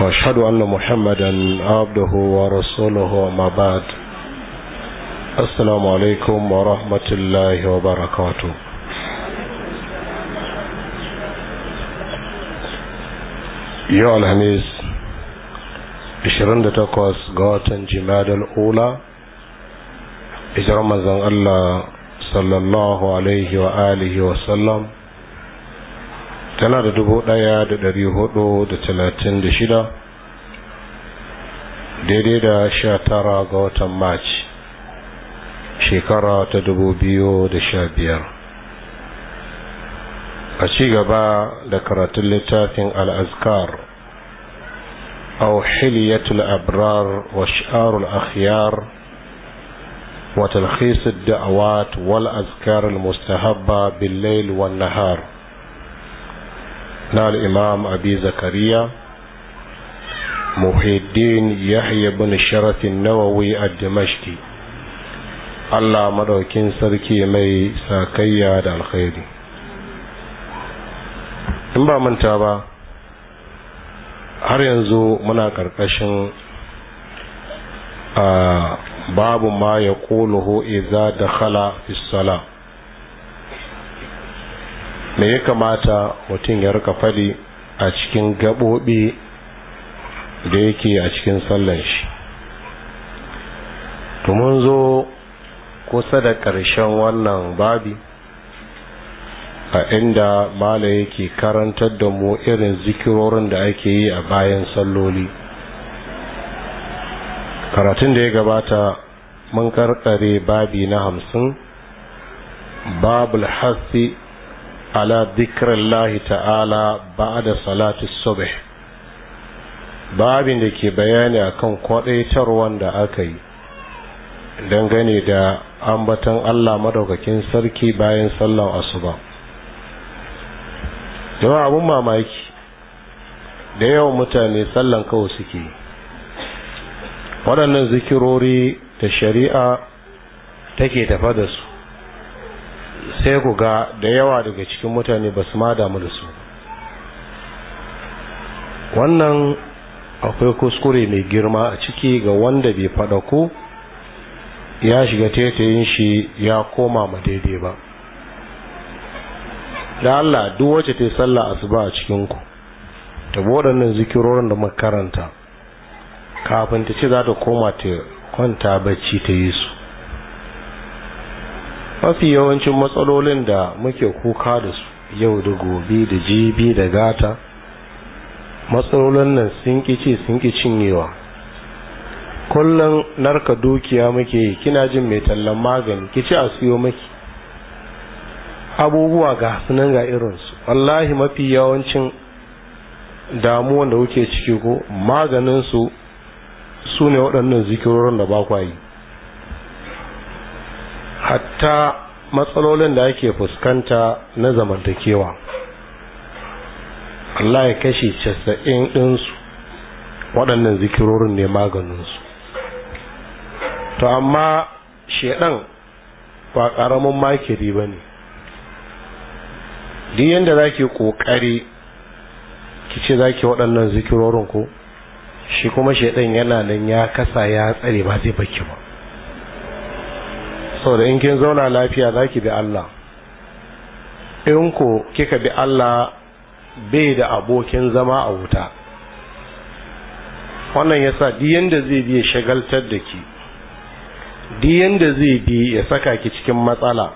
واشهد ان محمدا عبده ورسوله وما بعد السلام عليكم ورحمه الله وبركاته يا الخميس 28 ga watan jimadal ula hijirar manzon Allah sallallahu alaihi wa alihi wa tana da dubu ɗaya da ɗari hudu da talatin da shida daidai da sha tara ga watan march shekara ta dubu biyu da sha biyar a ci gaba da karatun littafin al'azkar أو حلية الأبرار وشعار الأخيار وتلخيص mustahabba bil المستهبة wan Nahar. na al'imam abi zakariya muhiddin yahya bin sharafin nawawi a dimashki allah madaukin sarki mai sakayya da alkhairi in ba manta ba har yanzu muna ƙarƙashin ah, babu ma ya ƙuluhu iza da khala fi sala me ya kamata mutum ya rika fadi a cikin gaɓoɓe da yake a cikin sallan shi mun zo kusa da ƙarshen wannan babi a inda mala yake karantar da mu irin zikirorin da ake yi a bayan salloli karatun da ya gabata mun karkare babi na hamsin babul hasi على ذكر الله تعالى بعد صلاة الصبح babin da ke bayani akan kwadaitar wanda aka yi dangane da ambatan Allah madaukakin sarki bayan sallar asuba yawan abun mamaki da yawa mutane sallan kawai suke waɗannan zikirori da shari'a take tafa da su sai ku ga da yawa daga cikin mutane ba su ma damu da su wannan akwai kuskure mai girma a ciki ga wanda bai fada ku ya shiga tetayin shi ya koma ma daidai ba da Allah duk wacce ta yi sallah asuba a cikin ku ta waɗannan zikirorin da makaranta kafin ta ce za ta koma ta kwanta bacci ta yi su mafi yawancin matsalolin da muke kuka da su yau da gobe da jibi da gata matsalolin nan sun kice sun ki cinyewa kullum narka dukiya muke kina jin mai tallan magani kici a siyo maki abubuwa ga sunan ga irinsu wallahi mafi yawancin damuwan da kuke ciki ko maganinsu su ne waɗannan zikirorin da ba kwayi. hatta matsalolin da ake fuskanta na zamantakewa Allah ya kashe casa'in ɗinsu waɗannan zikirorin ne maganinsu to amma shedan ba ƙaramin makiri ba ne duk yadda za ki ƙoƙari ki ce za ki waɗannan zikirorin ko shi kuma shedan yana nan ya kasa ya tsare ba zai baki ba saboda in kin zauna lafiya za ki bi Allah in ku kika bi Allah bai da abokin zama a wuta wannan ya sa diyan zai zai biya shagaltar da ki Diyanda zai bi ya saka ki cikin matsala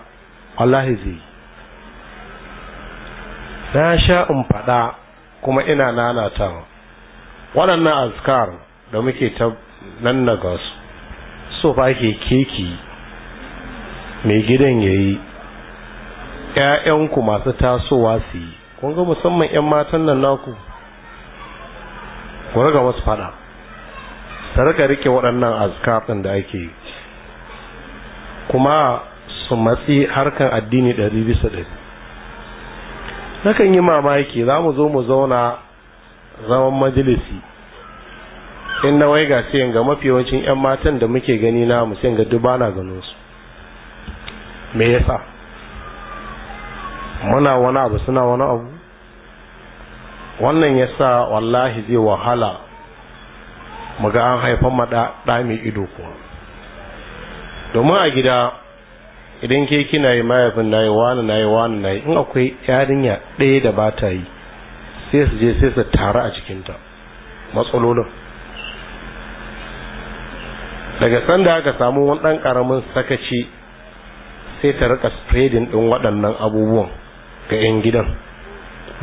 wallahi zai na sha in faɗa kuma ina nanatawa waɗannan azkar da muke ta nan na gasu so ba ke keki mai gidan ya yi ‘ya'yanku masu tasowa su yi kun ga musamman ‘yan matan nan naku ku raga wasu fada ta rika rike waɗannan azkafin da ake yi kuma su matsi harkan addini ɗari bisa ɗari nakan yi mamaki za mu zo mu zauna zaman majalisi in na waiga sai ga mafi yawancin 'yan matan da muke gani na mu ga dubana ganin su me yasa muna wani abu suna wani abu wannan yasa wallahi zai wahala muga an haifan maɗa da mai ido kuma domin a gida idan ke kina yi mahaifin na yi wani na yi wani na yi in akwai yarinya ɗaya da bata yi sai su je sai su taru a cikinta matsalolin daga sanda aka samu wani ɗan ƙaramin sakaci sai ta rika spreading din waɗannan abubuwan ga 'yan gidan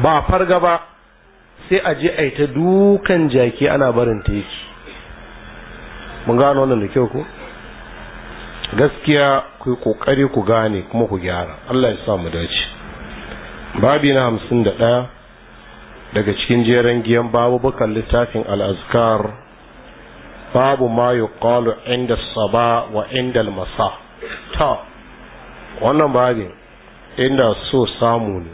ba a farga ba sai a je a yi ta dukan jaki ana barin ta mun gano wannan da kyau ku. gaskiya ku yi kokari ku gane kuma ku gyara Allah ya sa mu dace babi na hamsin da ɗaya daga cikin jeran giyan babu bukan littafin al'azkar babu ma yuqalu inda saba wa inda masa ta wannan babin inda so samu ne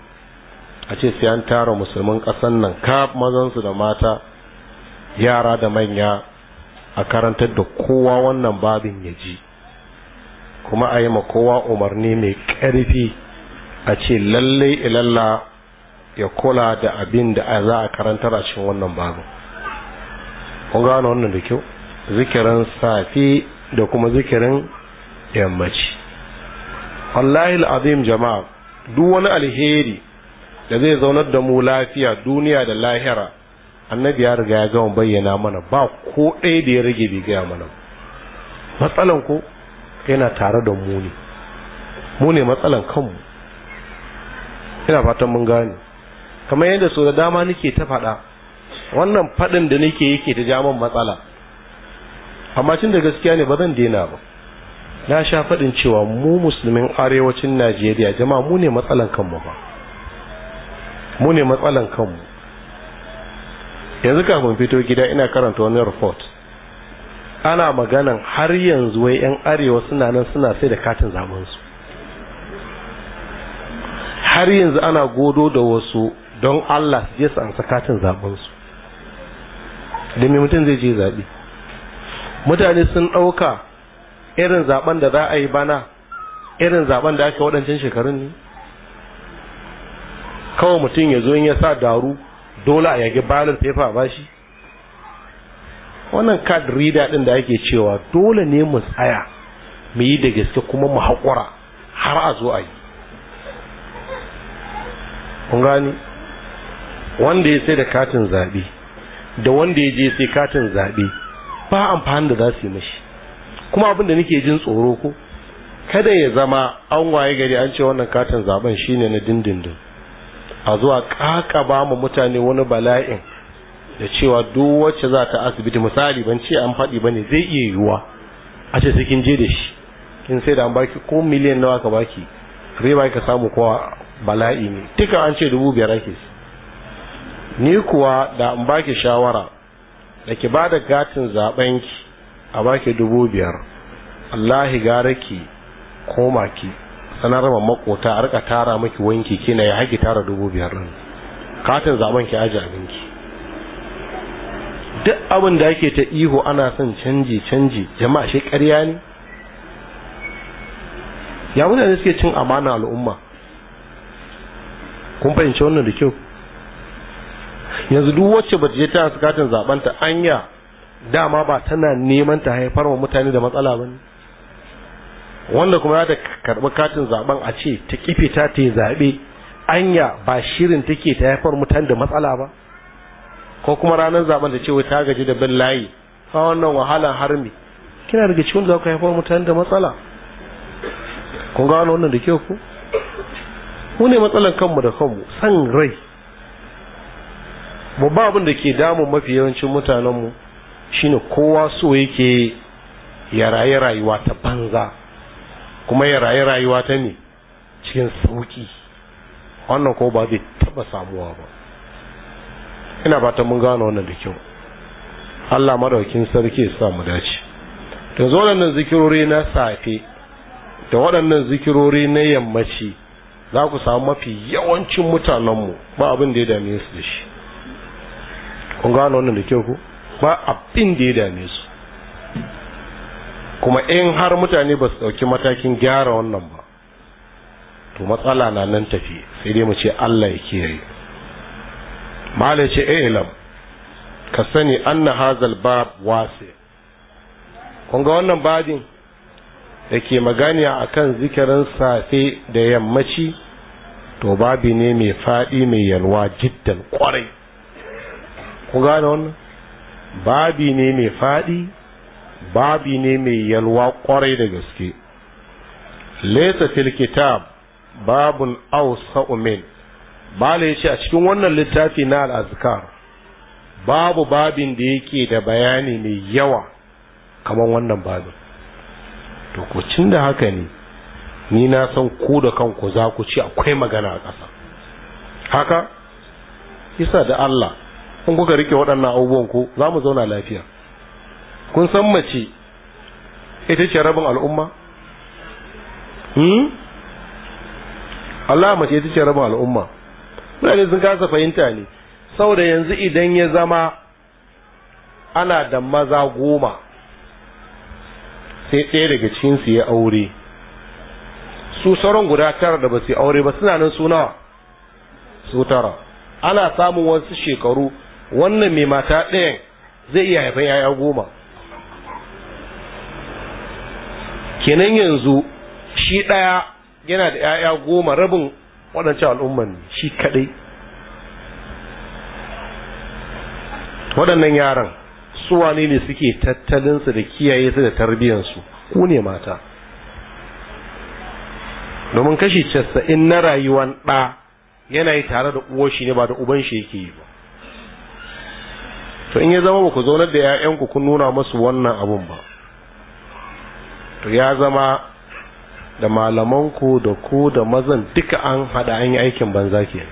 a ce sai an tara musulman ƙasan nan ka mazansu da mata yara da manya a karantar da kowa wannan babin ya ji kuma a yi ma kowa umarni mai ƙarfi a ce lalle ilalla ya kula da abin da za a karantar a cikin wannan babin kun gano wannan da kyau zikirin safi da kuma zikirin yammaci wallahi al'azim jama'a duk wani alheri da zai zaunar da mu lafiya duniya da lahira annabi ya riga ya gama bayyana mana ba ko ɗaya da ya rage bai gaya mana matsalan ko yana tare da mu ne mu ne matsalan kanmu ina fatan mun gane kamar yadda so da dama nake ta faɗa wannan faɗin da nake yake ta min matsala amma cin da gaskiya ne ba zan daina ba na sha faɗin cewa mu musulmin arewacin najeriya jama'a mu ne matsalan kanmu ba mu ne matsalan kanmu yanzu kafin fito gida ina karanta wani report ana maganan har yanzu wai yan arewa suna nan suna sai da katin zamansu har yanzu ana godo da wasu don allah su je su ansa katin zamansu da mai mutum zai je zaɓi. mutane sun ɗauka irin zaben da za a yi bana irin zaben da ake waɗancan shekarun ne kawai mutum ya zo in ya sa daru dole a yage balar fefa ba shi wannan card reader din da ake cewa dole ne mu tsaya mu yi da gaske kuma mu haƙura har a zo a yi kun wanda ya sai da katin zaɓe da wanda ya je sai katin zaɓe ba amfani da za su yi mashi kuma abin da nake jin tsoro ko kada ya zama an waye gari an ce wannan katin zaben shine na dindindin a zuwa ba mu mutane wani bala'in da cewa duk wacce za ta asibiti misali ban ce an faɗi bane zai iya yiwuwa a ce sai kin je da shi kin sai da an baki ko miliyan nawa ka baki riba ka samu kowa bala'i ne duka an ce dubu biyar ake ni kuwa da an baki shawara da ki ba da gatin zaben ki a baki dubu biyar Allahi gara ki koma ki sanar ma makota a rika tara miki wanki kina ya haƙi tara dubu biyar ɗin katin zaben ki aji abinki duk abin da ake ta ihu ana son canji canji jama'a shi ƙarya ne ya mutane suke cin amana al'umma kun fahimci wannan da kyau yanzu duk wacce ba je ta katin zaben ta anya dama ba tana neman ta haifar wa mutane da matsala ba wanda kuma ya da karɓi katin zaben a ce ta kife ta yi zaɓe anya ba shirin take ta haifar mutane da matsala ba ko kuma ranar zaben da ce wai ta gaji da bin layi a wannan wahalan harmi kina daga cikin da za ku haifar mutane da matsala kun ga wannan da kyau ku mu ne matsalan kanmu da kanmu san rai mu ba abin da ke damun mafi yawancin mutanenmu shine kowa so yake ya rayu rayuwa ta banza kuma ya rayu rayuwa ta ne cikin sauki wannan ko ba zai taba samuwa ba ina ta mun gano wannan da kyau Allah madaukin sarki ya sa mu dace to zo nan zikirori na safe da waɗannan zikirori na yammaci za ku samu mafi yawancin mutanenmu ba abin da ya dame su da shi kun gane wannan da kyau ku ba abin da ya dame su kuma in har mutane ba su ɗauki matakin gyara wannan ba to matsala na nan tafi sai dai mu ce Allah ya kiyaye malai ce eh, ilam ka sani anna hazal bab wasi kun ga wannan babin da ke magana akan zikirin safe da yammaci to babi ne mai faɗi mai yalwa jiddan kwarai ku gane wannan babi ne mai faɗi babi ne mai yalwa ƙwarai da gaske laisa fil kitab babun ausa min bala ya ce a cikin wannan littafi na al'azkar babu babin da yake da bayani mai yawa kamar wannan babin to ku cin da haka ne ni na san ku da kanku za ku ci akwai magana a ƙasa haka isa da Allah in kuka rike waɗannan abubuwan ku za mu zauna lafiya kun san mace ita ce rabin al'umma hmm Allah mace ita ce rabin al'umma mutane sun kasa fahimta ne saboda yanzu idan ya zama ana da maza goma sai ɗaya daga cikinsu ya aure su sauran guda tara da ba su aure ba suna nan suna su tara ana samun wasu shekaru wannan mai mata ɗayan zai iya haifan yaya goma kenan yanzu shi ɗaya yana da yaya goma rabin waɗancan al'umman shi kaɗai waɗannan yaran su ne ne suke tattalinsu da kiyaye su da tarbiyyansu ku ne mata domin kashi casa'in na rayuwan ɗa yana tare da uwar shi ne ba da uban shi yake yi ba to in ya zama ba ku zaunar da 'ya'yanku kun nuna musu wannan abun ba to ya zama da malamanku da ku da mazan duka an haɗa an yi aikin banza ke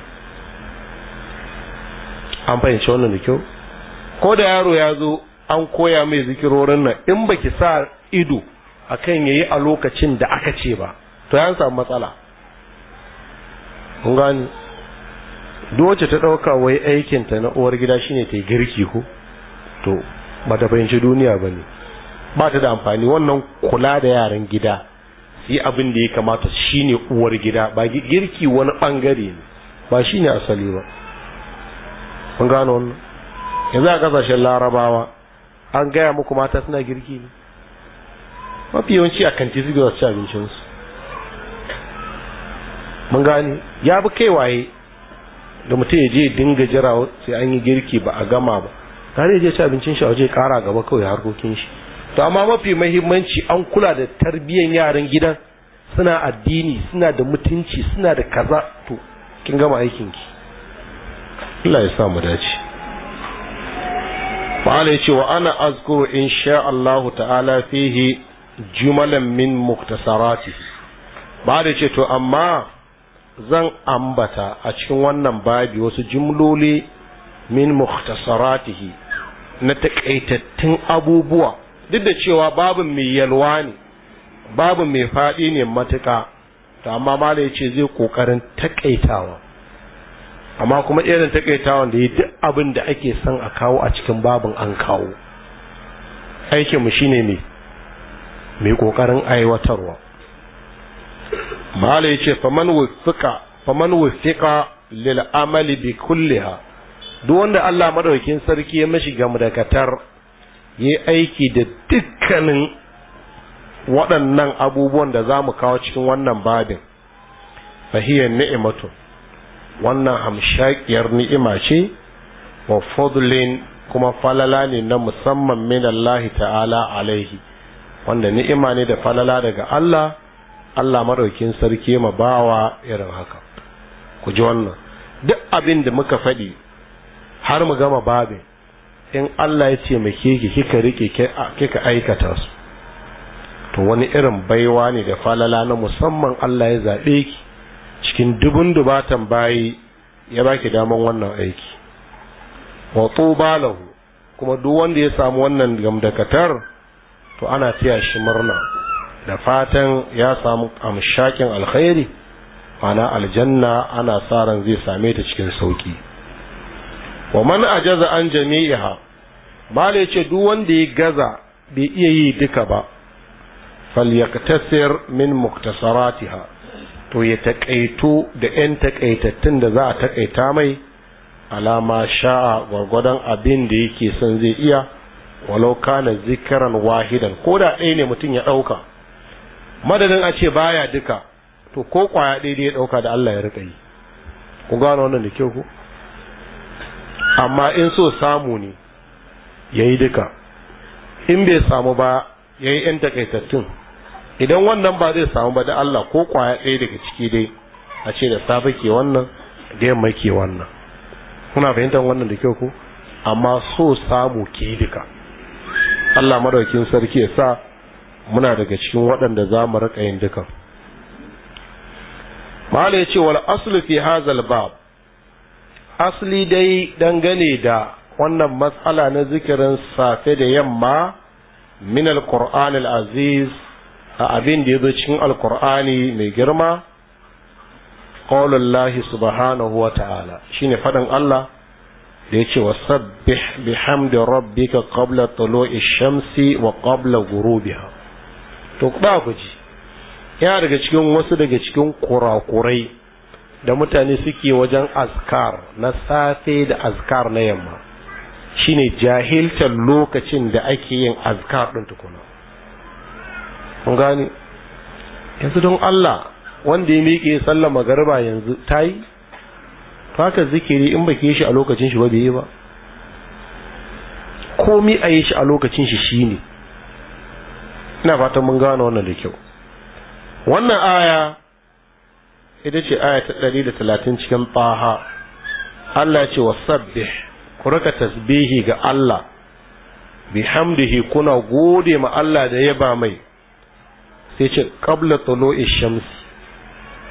an fahimci wannan da kyau ko da yaro ya zo an koya mai zikirorin nan in baki sa ido a kan yayi a lokacin da aka ce ba to ya samu matsala wacce ta ɗauka wai aikinta na uwar gida shine ta yi girki ko to ba ta fahimci duniya ba ne ba ta da amfani wannan kula da yaran gida yi abin da ya kamata shine uwar gida ba girki wani bangare ne ba shine asali ba kun gano wannan yanzu a kasashen larabawa an gaya muku mata suna girki ne mafi yawanci a kanti su ci abincinsu mun gane ya bi kai waye da mutum ya je dinga jira sai an yi girki ba a gama ba tare je ci abincin shi a waje kara gaba kawai harkokin shi to amma mafi mahimmanci an kula da tarbiyyar yaran gidan suna addini suna da mutunci suna da kaza to kin gama aikin ki Allah ya sa mu dace fa ce wa ana azkuru in Allah ta'ala fihi jumalan min muktasarati ba da ce to amma zan ambata a cikin wannan babi wasu jimloli min mukhtasaratihi na takaitattun abubuwa duk da cewa babin mai yalwa ne babin mai faɗi ne matuka to amma mala ya ce zai ƙoƙarin takaitawa amma kuma irin takaitawa da yi duk abin da ake son a kawo a cikin babin an kawo aikinmu shine mai mai ƙoƙarin aiwatarwa malai yace faman wufiqa lil amali bi kulliha duk wanda Allah madaukakin sarki ya mishi gamdakatar yi aiki da dukkanin waɗannan abubuwan da za mu kawo cikin wannan babin fahiyar ni'imatu wannan hamshakiyar ni'ima ce wa fadlin kuma falala ne na musamman min Allah ta'ala alaihi wanda ni'ima ne da falala daga Allah Allah maɗaukin sarki ma bawa irin haka ku ji wannan duk abin da muka faɗi har mu gama babin in Allah ya ce mai keke kika rike kika aikata su to wani irin baiwa ne da falala na musamman Allah ya zaɓe ki cikin dubun dubatan bayi ya baki daman wannan aiki wa tuba lahu kuma duk wanda ya samu wannan gamdakatar to ana taya shi murna da fatan ya samu amshakin alkhairi ana aljanna ana sa ran zai same ta cikin sauki wa man ajaza an jami'iha male ce duk wanda ya gaza bai iya yi duka ba falyaktasir min muktasaratiha to ya takaito da 'yan takaitattun da za a takaita mai alama sha'a gwargwadon abin da yake son zai iya walau kana zikiran wahidan ko da ɗaya ne mutum ya ɗauka madadin a ce baya duka to ko kwaya daidai ya dauka da Allah ya rika yi ku gano wannan da kyau ku amma in so samu ne yayi duka in bai samu ba yayi yan takaitattun idan wannan ba zai samu ba da Allah ko kwaya ɗaya daga ciki dai a ce da safe ke wannan da yamma ke wannan kuna fahimtar wannan da kyau ku amma so samu ke duka Allah madaukin sarki ya sa muna daga cikin waɗanda za mu riƙa yin dukan Malam ya ce wal aslu fi hazal bab asli dai dangane da wannan matsala na zikirin safe da yamma min al aziz a abin da ya zo cikin alqur'ani mai girma qaulullahi subhanahu wa ta'ala shine faɗin Allah da ya ce wasabbih bihamdi rabbika qabla tulu'i shamsi wa qabla ghurubiha to ba ku ji yana daga cikin wasu daga cikin kurakurai da mutane suke wajen azkar na safe da askar na yamma shine jahiltar lokacin da ake yin askar ɗin tukuna kun gani yanzu don Allah wanda ya miƙe sallar magarba yanzu ta yi haka zikiri in ba shi a lokacin shi ba bai yi ba komi a yi shi a lokacin shi shine ina fatan mun gane wannan da kyau wannan aya ita ce aya ta ɗari da talatin cikin ɓaha Allah ce wa sabbih ku rika tasbihi ga Allah bihamdihi kuna gode ma Allah da ya ba mai sai ce qabla tulu'i shams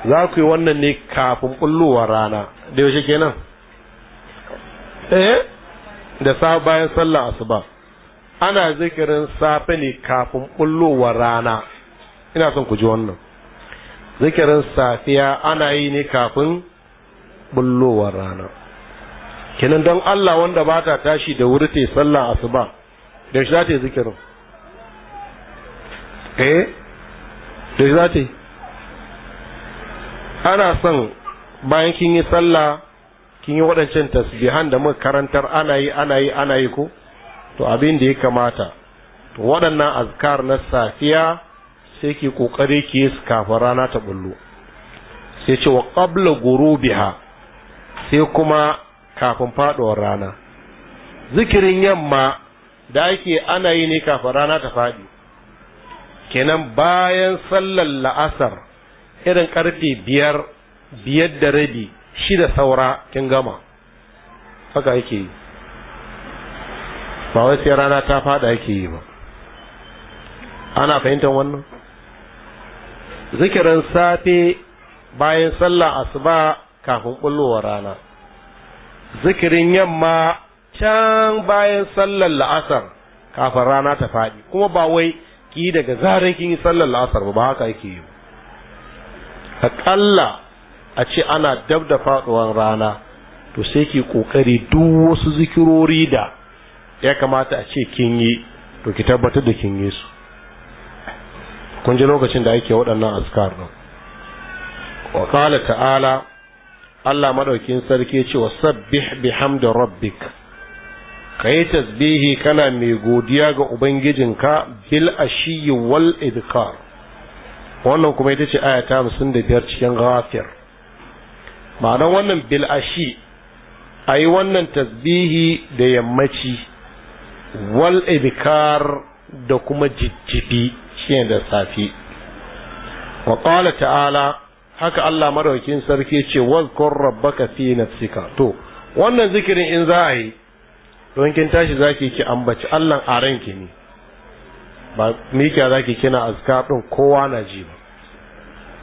za ku yi wannan ne kafin bullowar rana da yaushe kenan eh da sa bayan sallar asuba ana zikirin safe ne kafin bullowar rana ina son ku ji wannan zikirin safiya ana yi ne kafin bullowar rana kenan don Allah wanda ba ta tashi da wuri ta sallah asuba da shi za ta yi zikirin eh da shi za ta yi ana son bayan kin yi sallah kin yi waɗancan tasbihan da muka karantar ana yi ana yi ana yi ko to abin da ya kamata to waɗannan azkar na safiya sai ke kokari ki yi kafin rana ta bullo sai ce wa qabla biya, sai kuma kafin faɗuwar rana zikirin yamma da ake ana yi ne kafin rana ta faɗi kenan bayan sallar la'asar irin ƙarfe biyar biyar da rabi shida saura kin gama haka yake yi ba wai sai rana ta fada yake yi ba ana fahimtar wannan zikirin safe bayan sallah asuba kafin bullowar rana zikirin yamma can bayan sallar la'asar kafin rana ta faɗi kuma ba wai ki daga zarar kin yi sallar la'asar ba haka yake yi aƙalla a ce ana dab da faɗuwar rana to sai ki ƙoƙari duk wasu zikirori da ya kamata a ce kin yi to ki tabbatar da kin yi su kun ji lokacin da ake waɗannan askar ɗin wa qala ta'ala Allah madaukin sarki ce wa sabbih bihamdi rabbik kai tasbihi kana mai godiya ga ubangijinka bil ashiyi wal idkar wannan kuma ita ce aya ta 55 cikin ghafir ma'anar wannan bil ashi ayi wannan tasbihi da yammaci wal ibkar da kuma jijjibi shine da safi wa qala ta'ala haka Allah madaukin sarki ce wazkur rabbaka fi nafsika to wannan zikirin in za a yi don kin tashi zaki ki ambaci Allah a ranki ne ba mikiya zaki kina azka din kowa na ji ba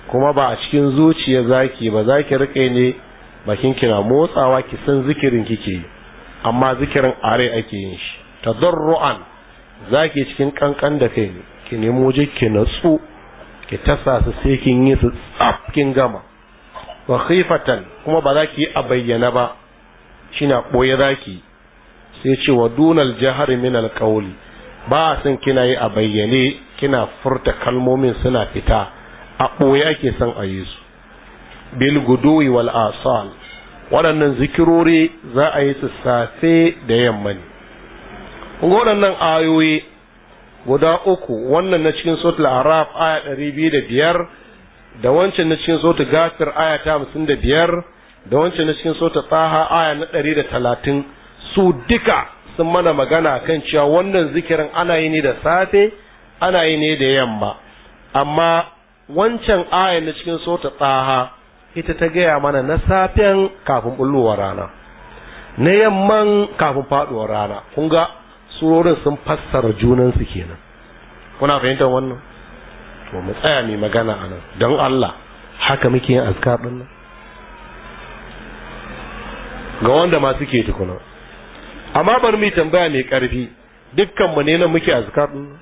kuma ba a cikin zuciya zaki ba zaki rike ne bakin kina motsawa ki san zikirin kike yi amma zikirin are ake yin shi tadarru'an zaki cikin kankan da kai ne ki nemo natsu ki tasa su sai kin yi su tsaf kin gama wa khifatan kuma ba zaki yi a bayyana ba shina boye zaki sai ce wa dunal jihar min alqawli ba san kina yi a bayyane kina furta kalmomin suna fita a boye ake son a yi su bil gudu'i wal asal waɗannan zikirori za a yi su safe da yamma ne kun waɗannan ayoyi guda uku wannan na cikin suratul araf aya ɗari biyu da biyar da wancan na cikin suratul gafir aya ta hamsin da biyar da wancan na cikin suratul taha aya na ɗari da talatin su duka sun mana magana kan cewa wannan zikirin ana yi ne da safe ana yi ne da yamma amma wancan aya na cikin sota tsaha ita ta gaya mana na safen kafin bullowar rana na yamman kafin faduwar rana kun ga surorin sun fassara junansu kenan kuna fahimtar wannan to mu tsaya mai magana a nan don Allah haka muke yin azkar din nan ga wanda ma suke tukuna amma bari mu tambaya mai karfi dukkan mu ne nan muke azkar din nan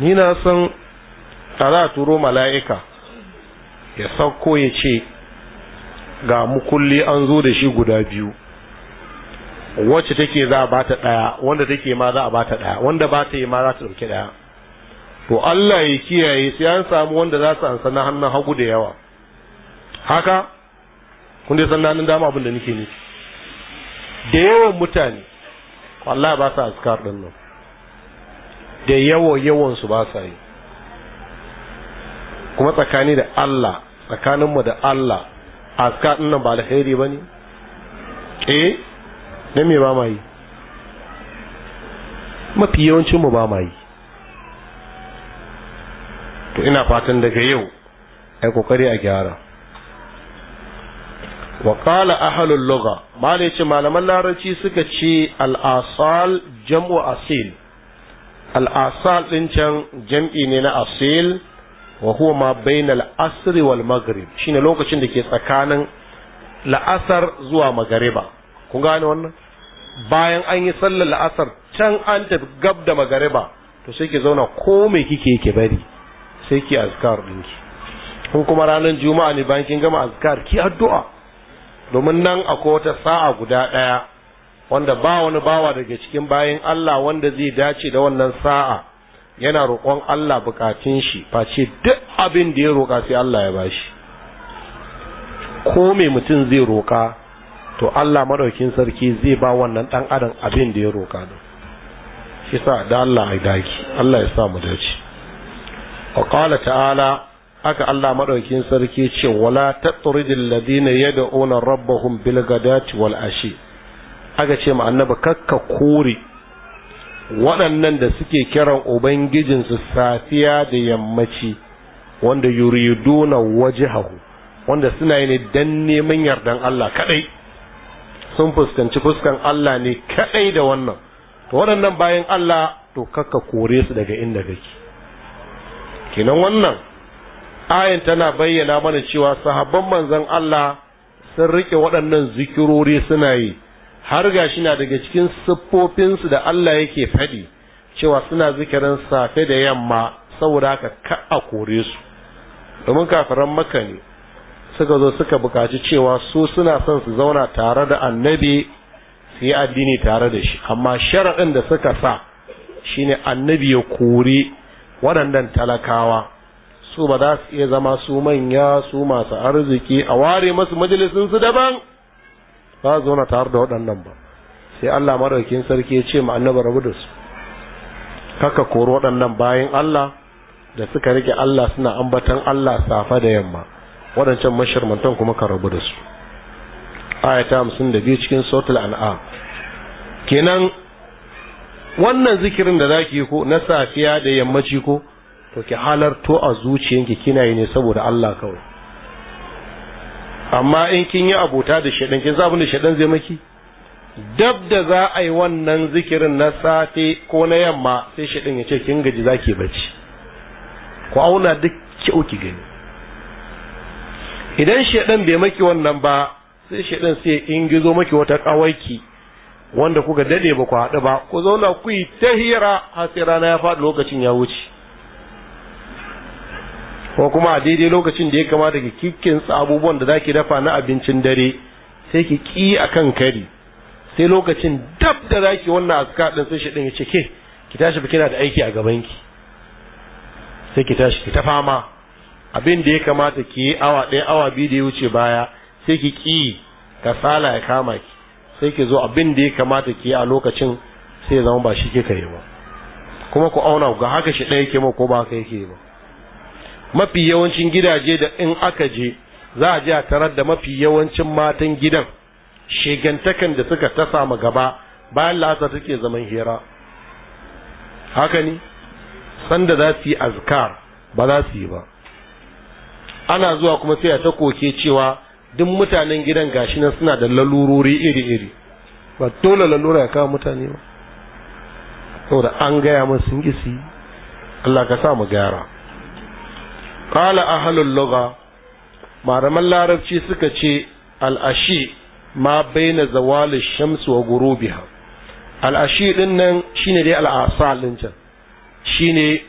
ni na san tara turo mala'ika ya sauko ya ce ga mukulli an zo da shi guda biyu wacce take za a ba ta ɗaya wanda take ma za a ba ta ɗaya wanda ba ta yi ma za ta ɗauki ɗaya to Allah ya kiyaye sai an samu wanda za su ansa na hannun hagu da yawa haka kun dai san nanin dama abin da nake ni da yawan mutane Allah ba sa askar din nan da yawa yawan su ba sa yi kuma tsakani da Allah tsakaninmu da Allah askar din nan ba alheri bane eh dan me ba mafi yawancin mu ba ma yi to ina fatan daga yau ai kokari a gyara wa qala ahlul lugha malai ce malaman larabci suka ce al jam'u asil al-asal din can jam'i ne na asil wa huwa ma bainal asri wal maghrib shine lokacin da ke tsakanin la'asar zuwa magariba kun gane wannan bayan an yi sallar la'asar can an tafi gab da magariba to sai ke zauna ko mai kike yake bari sai ki azkar dinki kun kuma ranar juma'a ne bayan kin gama azkar ki addu'a domin nan akwai wata sa'a guda ɗaya wanda ba wani bawa daga cikin bayan Allah wanda zai dace da wannan sa'a yana roƙon Allah bukatun shi face duk abin da ya roƙa sai Allah ya bashi ko mai mutum zai roƙa to Allah madaukin sarki zai ba wannan dan adam abin da ya roka da shi sa da Allah ya daki Allah ya sa mu dace wa qala ta'ala aka Allah maɗaukin sarki ce wala tatridil ladina yad'una rabbahum bil ghadati wal ashi aka ce ma annabi kakka kore waɗannan da suke kiran ubangijinsu safiya da yammaci wanda yuriduna hahu wanda suna yi ne dan neman yardan Allah kadai sun fuskanci fuskan Allah ne kaɗai da wannan to waɗannan bayan Allah to kakka kore su daga inda gaki. Kinan wannan ayin tana bayyana mana cewa sahabban manzon Allah sun rike waɗannan zikirori suna yi har gashi na daga cikin siffofinsu da Allah yake faɗi cewa suna zikirin safe da yamma saboda ka a kore su domin kafaran maka ne suka zo suka bukaci cewa su suna son su zauna tare da annabi su yi addini tare da shi amma sharaɗin da suka sa shine annabi ya kori waɗannan talakawa su ba za su iya zama su manya su masu arziki a ware masu su daban ba zauna tare da waɗannan ba sai Allah maraukin sarki ya ce ma annabar rabu da su kaka kori waɗannan bayan Allah da suka rike Allah suna ambatan Allah safa da yamma waɗancan mashirmantan kuma ka rabu da su ayata hamsin da biyu cikin sautul an'am kenan wannan zikirin da zaki ko na safiya da yammaci ko to ki halarto a zuciyanki kina yi ne saboda Allah kawai amma in kin yi abota da shaɗan kin abin da shaɗan zai maki dab da za a yi wannan zikirin na safe ko na yamma sai shaɗan ya ce kin gaji zaki bacci ku auna duk ki gani idan shaidan bai maki wannan ba sai shaidan sai in gizo maki wata kawaiki wanda kuka dade ba ku haɗu ba ku zauna ku yi ta hira har sai rana ya faɗi lokacin ya wuce ko kuma a daidai lokacin da ya kamata ki kikkinsa abubuwan da zaki dafa na abincin dare sai ki ki akan kari sai lokacin dab da zaki wannan aska din sai shi ya ce ke ki tashi kina da aiki a gaban ki sai ki tashi ki ta fama abin da ya kamata ki yi awa ɗaya awa biyu da ya wuce baya sai ki ki kasala ya kama ki sai ki zo abin da ya kamata ki yi a lokacin sai ya zama ba shi ke yi ba kuma ku auna ga haka shi ɗaya ke ma ko ba haka yake ba mafi yawancin gidaje da in aka je za a je a tarar da mafi yawancin matan gidan shegantakan da suka ta samu gaba bayan lasa take zaman hira haka ne sanda za su yi azkar ba za su yi ba ana zuwa kuma sai a ta koke cewa duk mutanen gidan gashi nan suna da lalurori iri-iri ba dole lalura ya kawo mutane ba saboda an gaya mun sun gisi. su Allah ka sa mu gyara qala ahlul lugha malaman larabci suka ce al'ashi ma baina zawali shams wa gurubiha al'ashi din nan shine dai al'asal din can shine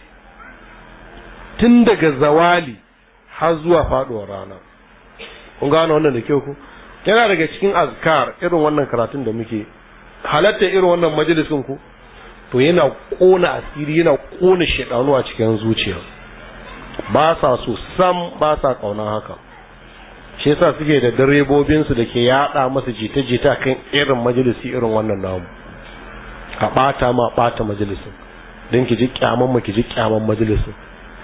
tun daga zawali har zuwa faduwar rana kun gane wannan da kyau ku yana daga cikin azkar irin wannan karatun da muke halatta irin wannan majalisin ku to yana kona asiri yana kona shaidanu a cikin zuciya ba sa so sam ba sa kauna haka shi yasa suke da direbobinsu da ke yada masa jita-jita kan irin majalisi irin wannan namu a bata ma bata majalisin don ki ji kyaman mu ki ji kyaman majalisin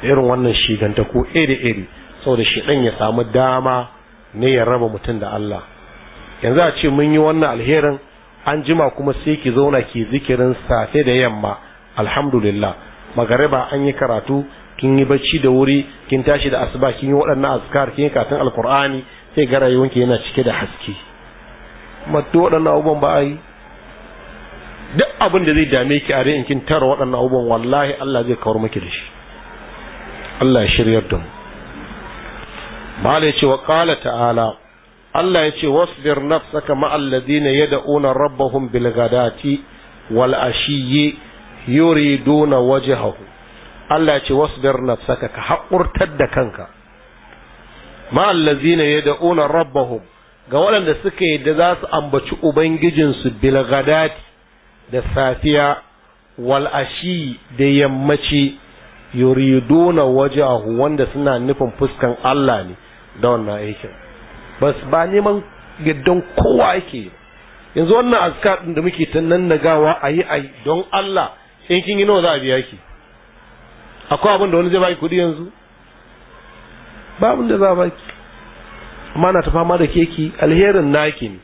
irin wannan shiganta ko iri-iri Sau saboda ɗan ya samu dama ne ya raba mutum da Allah yanzu a ce mun yi wannan alherin an jima kuma sai ki zauna ki zikirin safe da yamma alhamdulillah magariba an yi karatu kin yi bacci da wuri kin tashi da asuba kin yi waɗannan azkar kin yi katin alkur'ani sai ga rayuwanki yana cike da haske matu waɗannan abubuwan ba a yi duk abin da zai dame ki a in kin tara waɗannan abubuwan wallahi Allah zai kawar maki da shi Allah ya shiryar da mu malai ce wa qala ta'ala Allah ya ce wasbir nafsaka ma'al ladina yad'una rabbahum bil ghadati wal ashiyyi yuriduna wajhahu Allah ya ce wasbir nafsaka ka haƙurtar da kanka ma'al ladina yad'una rabbahum ga waɗanda suka yi da za su ambaci ubangijinsu bil ghadati da safiya wal ashi da yammaci yuriduna wajahu wanda suna nufin fuskan Allah ne da wannan aikin bas ba neman gidan kowa yake yanzu wannan azkar din da muke ta nan nagawa yi ayi don Allah in kin yi nawa za a biya ki akwai abin da wani zai baki kuɗi yanzu abin da za a baki amma na ta fama da keki alherin naki ne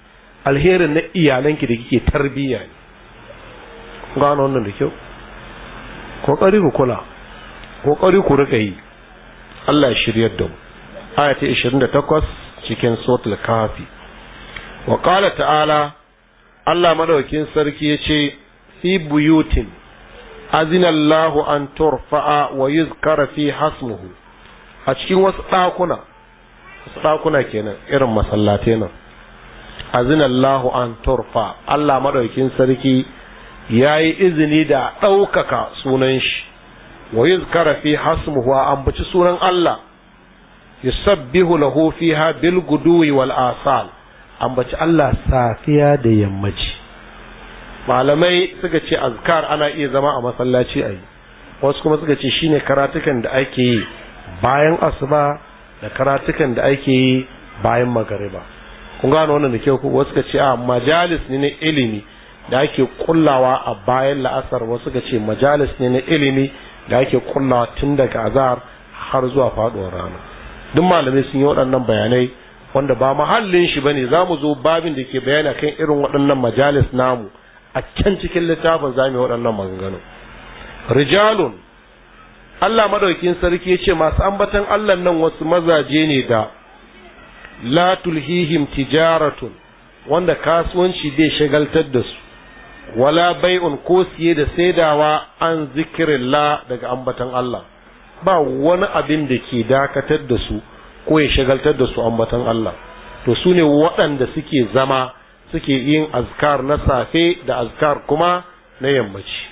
alherin na iyalanki da kike tarbiyya ne gano wannan da kyau kokari ku kula kokari ku rika yi Allah ya shiryar da mu aya 28 cikin suratul kafi wa qala ta'ala Allah madaukin sarki yace fi buyutin azina Allahu an turfa'a wa yuzkara fi hasmuhu a cikin wasu dakuna wasu dakuna kenan irin masallate nan azina Allahu an turfa Allah madaukin sarki yayi izini da ɗaukaka sunan shi wa yuzkara fi hasmuhu an baci sunan Allah yusabbihu lahu fiha bil guduwi wal asal ambaci Allah safiya da yammaci malamai suka ce azkar ana iya zama a masallaci ayi. wasu kuma suka ce shine karatukan da ake yi bayan asuba da karatukan da ake yi bayan magariba kun gano wannan da ke ku wasu suka ce a majalis ne na ilimi da ake kullawa a bayan la'asar wasu suka ce majalis ne na ilimi da ake kullawa tun daga azar har zuwa faduwar rana duk malamai sun yi waɗannan bayanai wanda ba mahallin shi bane za mu zo babin da ke bayani kan irin waɗannan majalis namu a can cikin littafin za mu yi waɗannan maganganu rijalun Allah madaukin sarki ya ce masu ambatan Allah nan wasu mazaje ne da la tulhihim tijaratun wanda kasuwanci bai shagaltar da su wala bai'un ko siye da saidawa an zikirin daga ambatan Allah ba wani abin da ke dakatar da su ko ya shagaltar da su ambatan Allah to su ne waɗanda suke zama suke yin azkar na safe da azkar kuma na yammaci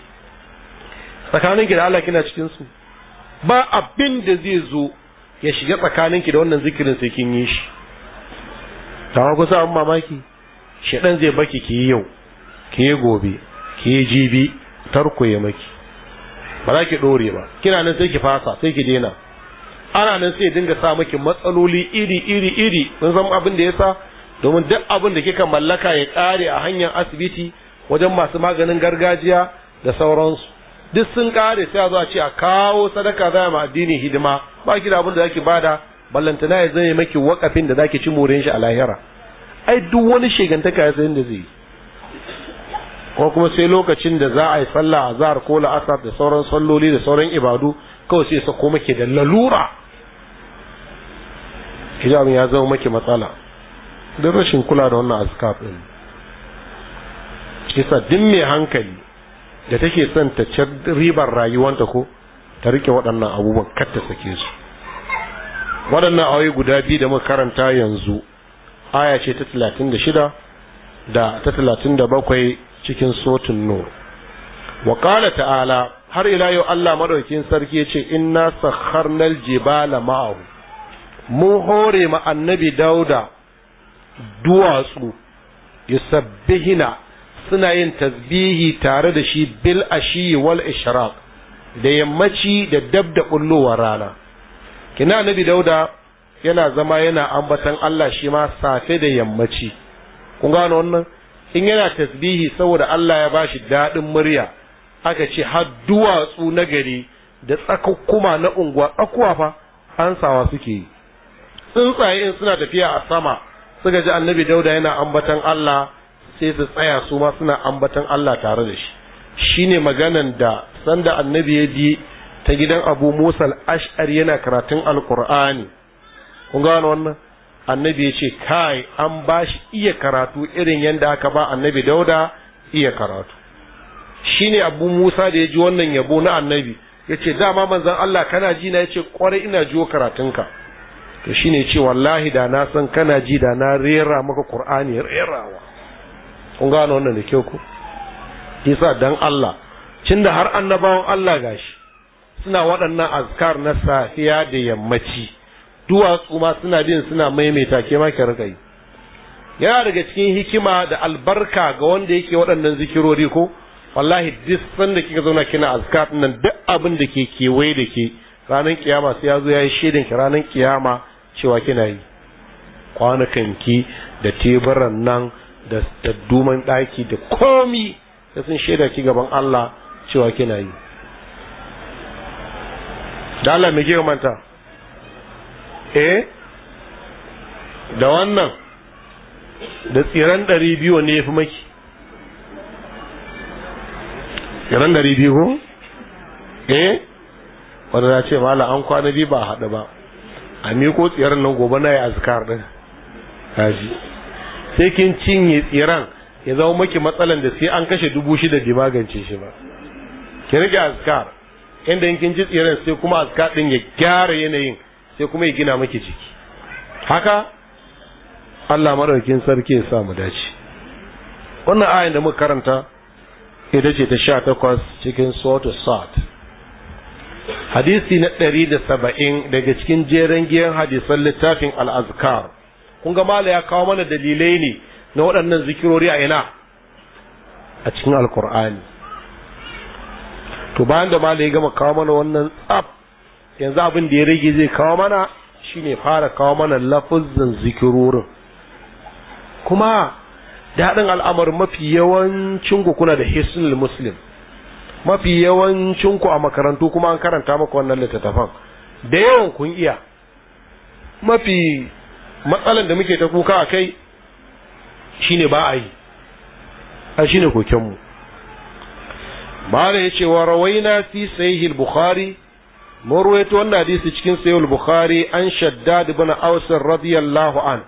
tsakaninki da Allah kina cikin su ba abin da zai zo ya shiga tsakaninki da wannan zikirin sai kin yi shi tawa kusa amma mamaki shedan zai baki ki yi yau ki yi gobe ki yi jibi tarko ya maki ba za ki ɗore ba kina nan sai ki fasa sai ki dena ana nan sai dinga sa miki matsaloli iri iri iri mun san abin da yasa domin duk abin da kika mallaka ya kare a hanyar asibiti wajen masu maganin gargajiya da sauransu duk sun kare sai a zo a ce a kawo sadaka za mu addini hidima ba ki da abin da zaki bada ballantana ya zai maki wakafin da zaki ci moren shi a lahira ai duk wani shegantaka ya sayin da zai yi ko kuma sai lokacin da za a yi sallah a zahar ko la'asar da sauran salloli da sauran ibadu kawai sai sako make da lalura hijab ya zama maki matsala don rashin kula da wannan azkar din kisa din mai hankali da take son ta ci ribar rayuwanta ko ta rike waɗannan abubuwan kar ta sake su waɗannan awai guda biyu da muka karanta yanzu aya ce ta 36 da ta 37 cikin sotun nur wa ƙala ta'ala har ila yau Allah madaukin sarki yace inna sakharnal jibala ma'ahu mun hore ma annabi dauda duwatsu yusabbihina suna yin tasbihi tare da shi bil ashi wal ishraq da yammaci da dab da kullowar rana kina annabi dauda yana zama yana ambatan Allah shi ma safe da yammaci kun gano wannan in yana tasbihi saboda Allah ya bashi daɗin murya aka ce har duwatsu na gari da tsakakkuma na unguwa tsakuwa fa sawa suke yi tsuntsaye in suna tafiya a sama suka ji annabi dauda yana ambatan Allah sai su tsaya su ma suna ambatan Allah tare da shi shine maganan da sanda annabi ya bi ta gidan abu musa al-ash'ari yana karatun alkur'ani kun gano wannan annabi ya ce kai an ba shi iya karatu irin yadda aka ba annabi dauda iya karatu shi ne abu musa da ya ji wannan yabo na annabi ya ce dama manzan allah kana ji na ya ce kwarai ina jiwo karatunka to shi ne ce wallahi da na san kana ji da na rera maka qur'ani rerawa kun gano wannan da kyau ku yasa dan allah cinda har annabawan allah gashi suna waɗannan azkar na safiya da yammaci duwatsu ma suna bin suna maimaita ke ma ki rika yi yana daga cikin hikima da albarka ga wanda yake waɗannan zikirori ko wallahi duk sanda kika zauna kina azkar nan duk abin da ke kewaye da ke ranar kiyama sai ya zo ya yi shaidan ki ranar kiyama cewa kina yi kwanakan ki da teburan nan da tadduman ɗaki da komi da sun shaida ki gaban Allah cewa kina yi da Allah mai manta eh da wannan da tsiran ɗari biyu ne ya fi maki tsiran ɗari biyu ko eh wanda na ce mala an kwana biyu ba a haɗu ba a miko tsiran nan gobe na yi azkar ɗin haji sai kin cinye tsiran ya zama maki matsalan da sai an kashe dubu shida da magance shi ba ki rike azkar inda in kin ji tsiran sai kuma azkar ɗin ya gyara yanayin sai kuma yi gina maki ciki haka Allah madaukin sarki ya sa mu dace wannan ayan da muka karanta ita ce ta sha takwas cikin sotu sa'ad hadisi na ɗari da saba'in daga cikin jeran giyan hadisan littafin al'azkar kun ga mala ya kawo mana dalilai ne na waɗannan zikirori a ina a cikin alkur'ani to bayan da mala ya gama kawo mana wannan tsaf yanzu abin da ya rage zai kawo mana shine fara kawo mana lafazin zikirorin kuma daɗin al'amar mafi yawancin ku kuna da hisnul muslim mafi yawancin ku a makarantu kuma an karanta maka wannan littattafan da yawan kun iya mafi matsalan da muke ta kuka a kai shine ba a yi a shine kokenmu da ya ce wa rawaina fi sahih bukhari mun ruwaito wannan hadisi cikin sayyid bukhari an shaddad ibn aus radiyallahu an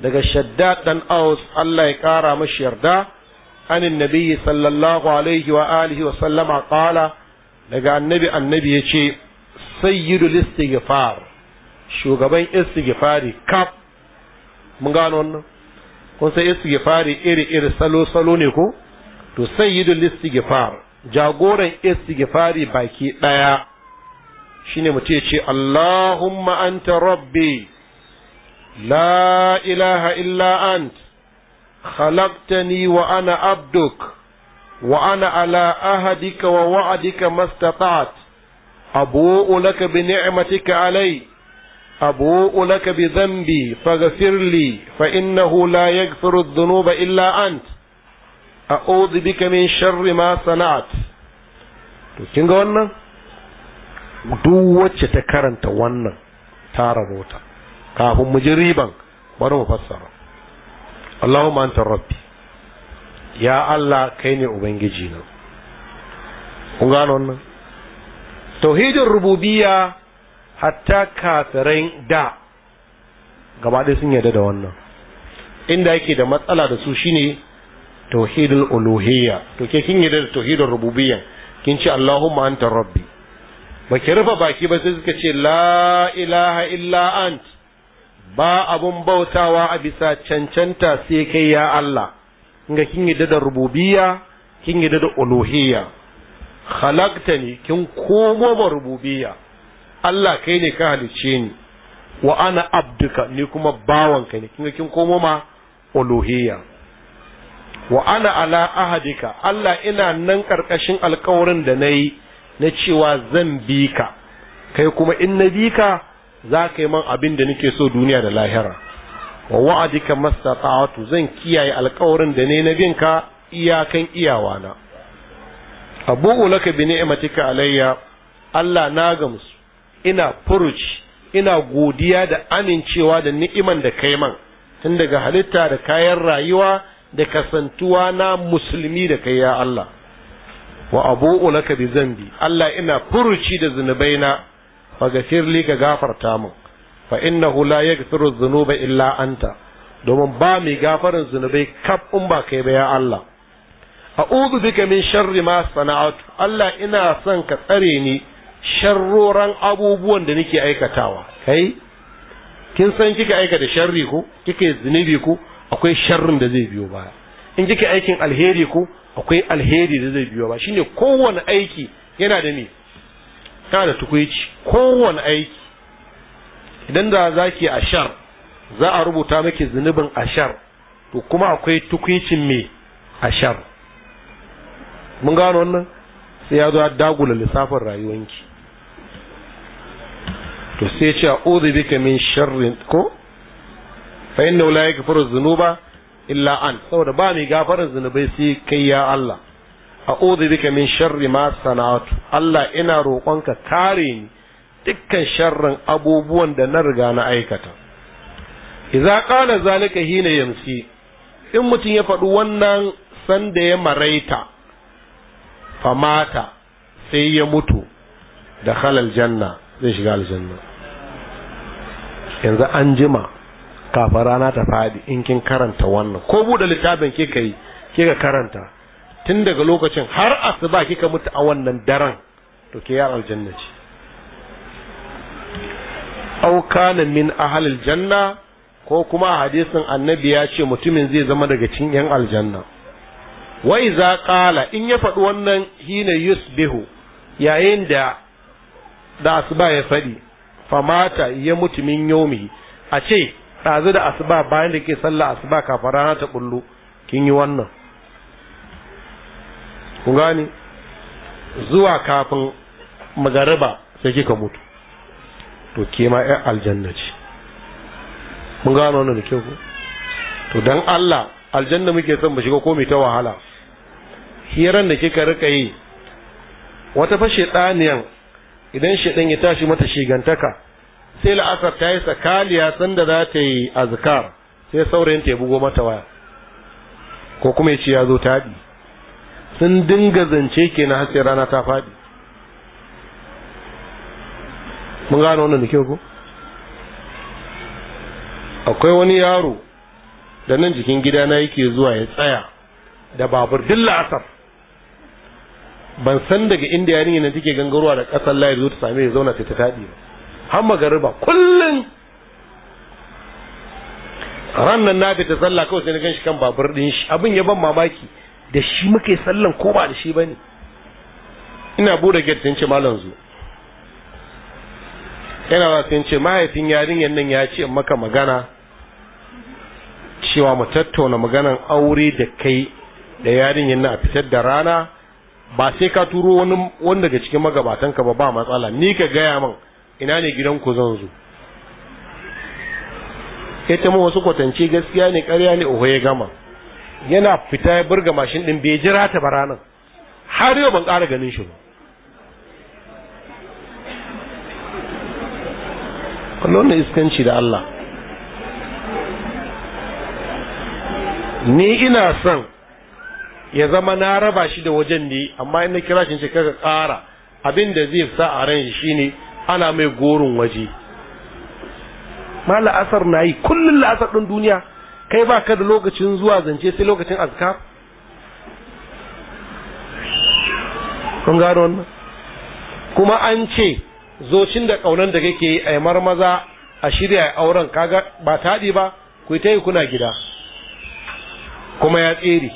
daga shaddad dan aus Allah ya kara mashi yarda an annabi sallallahu alaihi wa alihi wa sallama qala daga annabi annabi yace sayyidul istighfar shugaban istighfari kaf mun gano wannan kun sai istighfari iri iri salo salo ne ko to sayyidul istighfar jagoran istighfari baki daya shine mutum ya ce Allahumma anta rabbi la ilaha illa ant khalaqtani wa ana abduk wa ana ala ahadika wa wa'adika mastata'at abu'u laka bi ni'matika alai abu'u laka bi dhanbi faghfir li fa innahu la yaghfiru dhunuba illa ant a'udhu bika min sharri ma sana'at to kinga wannan duk wacce ta karanta wannan ta rabota kafin mu ji riban bari mu fassara Allahumma anta rabbi ya Allah kai ne ubangiji na kun gano wannan tauhidin rububiyya hatta kafirai da gaba ɗaya sun yarda da wannan inda yake da matsala da su shine tauhidul uluhiyya to ke kin yarda da Tauhidin rububiyya kin ce Allahumma anta rabbi ba ki rufe baki ba sai suka ce la ilaha illa ant ba abun bautawa a bisa cancanta sai kai ya Allah inga kin yi da rububiyya kin yi da uluhiyya khalaqtani kin komo ba rububiyya Allah kai ne ka halicce ni wa ana abduka ni kuma bawanka ne kin kin komo ma uluhiyya wa ana ala ahadika Allah ina nan karkashin alkawarin da nayi na cewa zan bi ka kai kuma in na bi ka za ka yi man abin da nake so duniya da lahira wa wa'adika mastata'atu zan kiyaye alƙawarin da ne na bin ka iyakan iyawana abu ulaka bi ni'matika alayya Allah na gamsu ina furuci ina godiya da amincewa da ni'iman da kai man tun daga halitta da kayan rayuwa da kasantuwa na musulmi da kai ya Allah wa abu zan bi zambi Allah ina furuci da zunubaina gafir li ka gafarta min fa innahu la yaghfiru dhunuba illa anta domin ba mai gafarin zunubai kaf in ba kai ba ya Allah a'udhu bika min sharri ma sana'at Allah ina son ka tsare ni sharroran abubuwan da nake aikatawa kai kin san kika aikata sharri ko kike zunubi ko akwai sharrin da zai biyo baya in jike aikin alheri ko akwai alheri da zai biyo ba shine kowane aiki yana da me yana da tukuici kowane aiki idan da za zaki ashar za a rubuta miki zunubin ashar to kuma akwai tukuicin mai ashar mun gano wannan sai ya zo dagula lissafin rayuwanki to sai ya ce ozi bika min sharrin ko fa wula ya yaghfiru zunuba. illa an saboda ba mai gafarar zunubai sai kai ya Allah a'udhu bika min sharri ma sana'atu Allah ina roƙonka kare ni dukkan sharrin abubuwan da na riga na aikata idza qala zalika hina yamsi in mutum ya faɗi wannan san da ya maraita famata sai ya mutu da halal janna zai shiga aljanna yanzu an jima kafin rana ta faɗi in kin karanta wannan ko buɗe littafin ke kai ke ka karanta tun daga lokacin har asuba kika mutu a wannan daren to ke ya aljanna ce Auka kana min ahlil janna ko kuma a hadisin annabi ya ce mutumin zai zama daga cikin yan aljanna wai iza qala in ya faɗi wannan hina yusbihu yayin da da asuba ya faɗi famata ya mutumin yomi a ce ɗazu da asuba bayan da ke sallah asuba kafin rana ta kullu kin yi wannan ku gane zuwa kafin magariba sai kika mutu to ke ma ƴan aljanna ce mun gano wannan da kyau to dan Allah aljanna muke son mu shiga ko mai ta wahala hiran da kika rika yi wata fa shedaniyan idan shedan ya tashi mata shigantaka sai la'asar ta yi sakaliya sanda za ta yi azkar sai saurayin ta bugo mata waya ko kuma ya ce ya zo taɗi sun dinga zance kenan na hasken rana ta faɗi mun gano wannan da ko akwai wani yaro da nan jikin gidana yake zuwa ya tsaya da babur duk la'asar ban san daga inda yarinya na take gangarowa da ƙasar layar zo ta same ya zauna ta taɗi ba har magariba kullum ran na fita sallah kawai sai na gan shi kan babur din shi abin ya ban mamaki da shi muke sallan ko ba da shi bane ina buɗe gate in ce malam zu yana wa sai ce mahaifin yarinyar nan ya ce maka magana cewa mu tattauna maganan aure da kai da yarinyar nan a fitar da rana ba sai ka turo wani daga cikin magabatan ka ba ba matsala ni ka gaya min ina ne gidanku zan zo ita mu wasu kwatance gaskiya ne ƙarya ne oho ya gama yana fita ya burga mashin din bai jira ta baranan har yau ban ƙara ganin shi ba kallon iskanci da Allah ni ina son ya zama na raba shi da wajen ne amma in na kira shi ce kaga ƙara abin da zai sa a ran shi shine ana mai gorin waje ma la'asar na yi kullum la'asar ɗin duniya kai ba ka da lokacin zuwa zance sai lokacin azka kun gano wannan kuma an ce zocin da ƙaunar da kake yi a maza a shirya a auren kaga ba taɗi ba ku ta yi kuna gida kuma ya tsere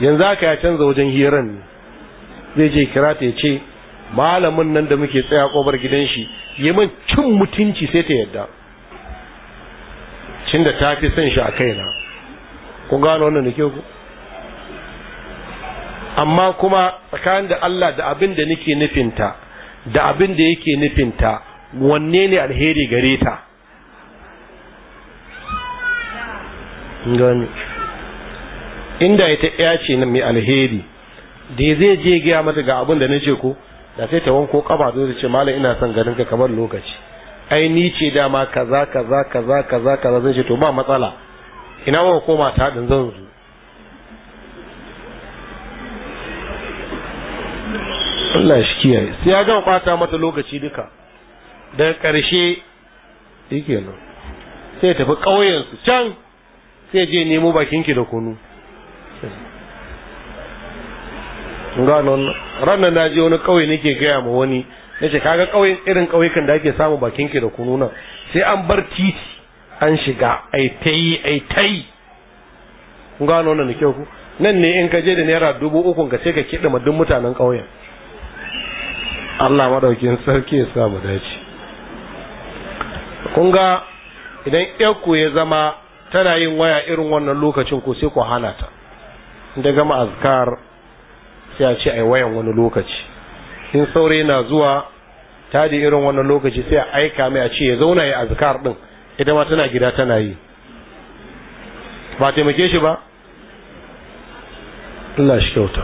yanzu aka ya canza wajen hiran ne zai je kira ta ya ce malamin nan da muke tsaya kobar gidan shi yi min cin mutunci sai ta yadda cin da ta fi son shi a kaina kun gano wannan da ku amma kuma tsakanin da Allah da abin da nake nufinta da abin da yake nufinta wanne ne alheri gare ta gani inda ita ya ce mai alheri da zai je gaya mata ga abin da nace ku? da sai ta wanko kafa zai ce malam ina son ganin ka kamar lokaci ai ni ce dama kaza kaza kaza kaza kaza zai ce to ba matsala ina wa koma ta din zan zo Allah shi kiyaye sai ya gama kwata mata lokaci duka da ƙarshe yake nan sai tafi ƙauyensu can sai je nemo bakin ki da kunu kun ranan na je wani kauye nake gaya ma wani nace kaga kauyen irin kauyukan da ake samu bakin ki da kunu sai an bar titi an shiga ai tayi ai tayi kun gano wannan ne kyau ku nan ne in ka je da naira dubu uku ka sai ka kiɗa ma duk mutanen kauyen Allah madaukin sarki ya sa dace kun ga idan ku ya zama tana yin waya irin wannan lokacin ko sai ku hana ta daga ma azkar sai a ce ai wayan wani lokaci in saurayi na zuwa ta da irin wani lokaci sai a aika mai a ce ya zauna ya azkar din ita ma tana gida tana yi ba taimake shi ba Allah shi kyauta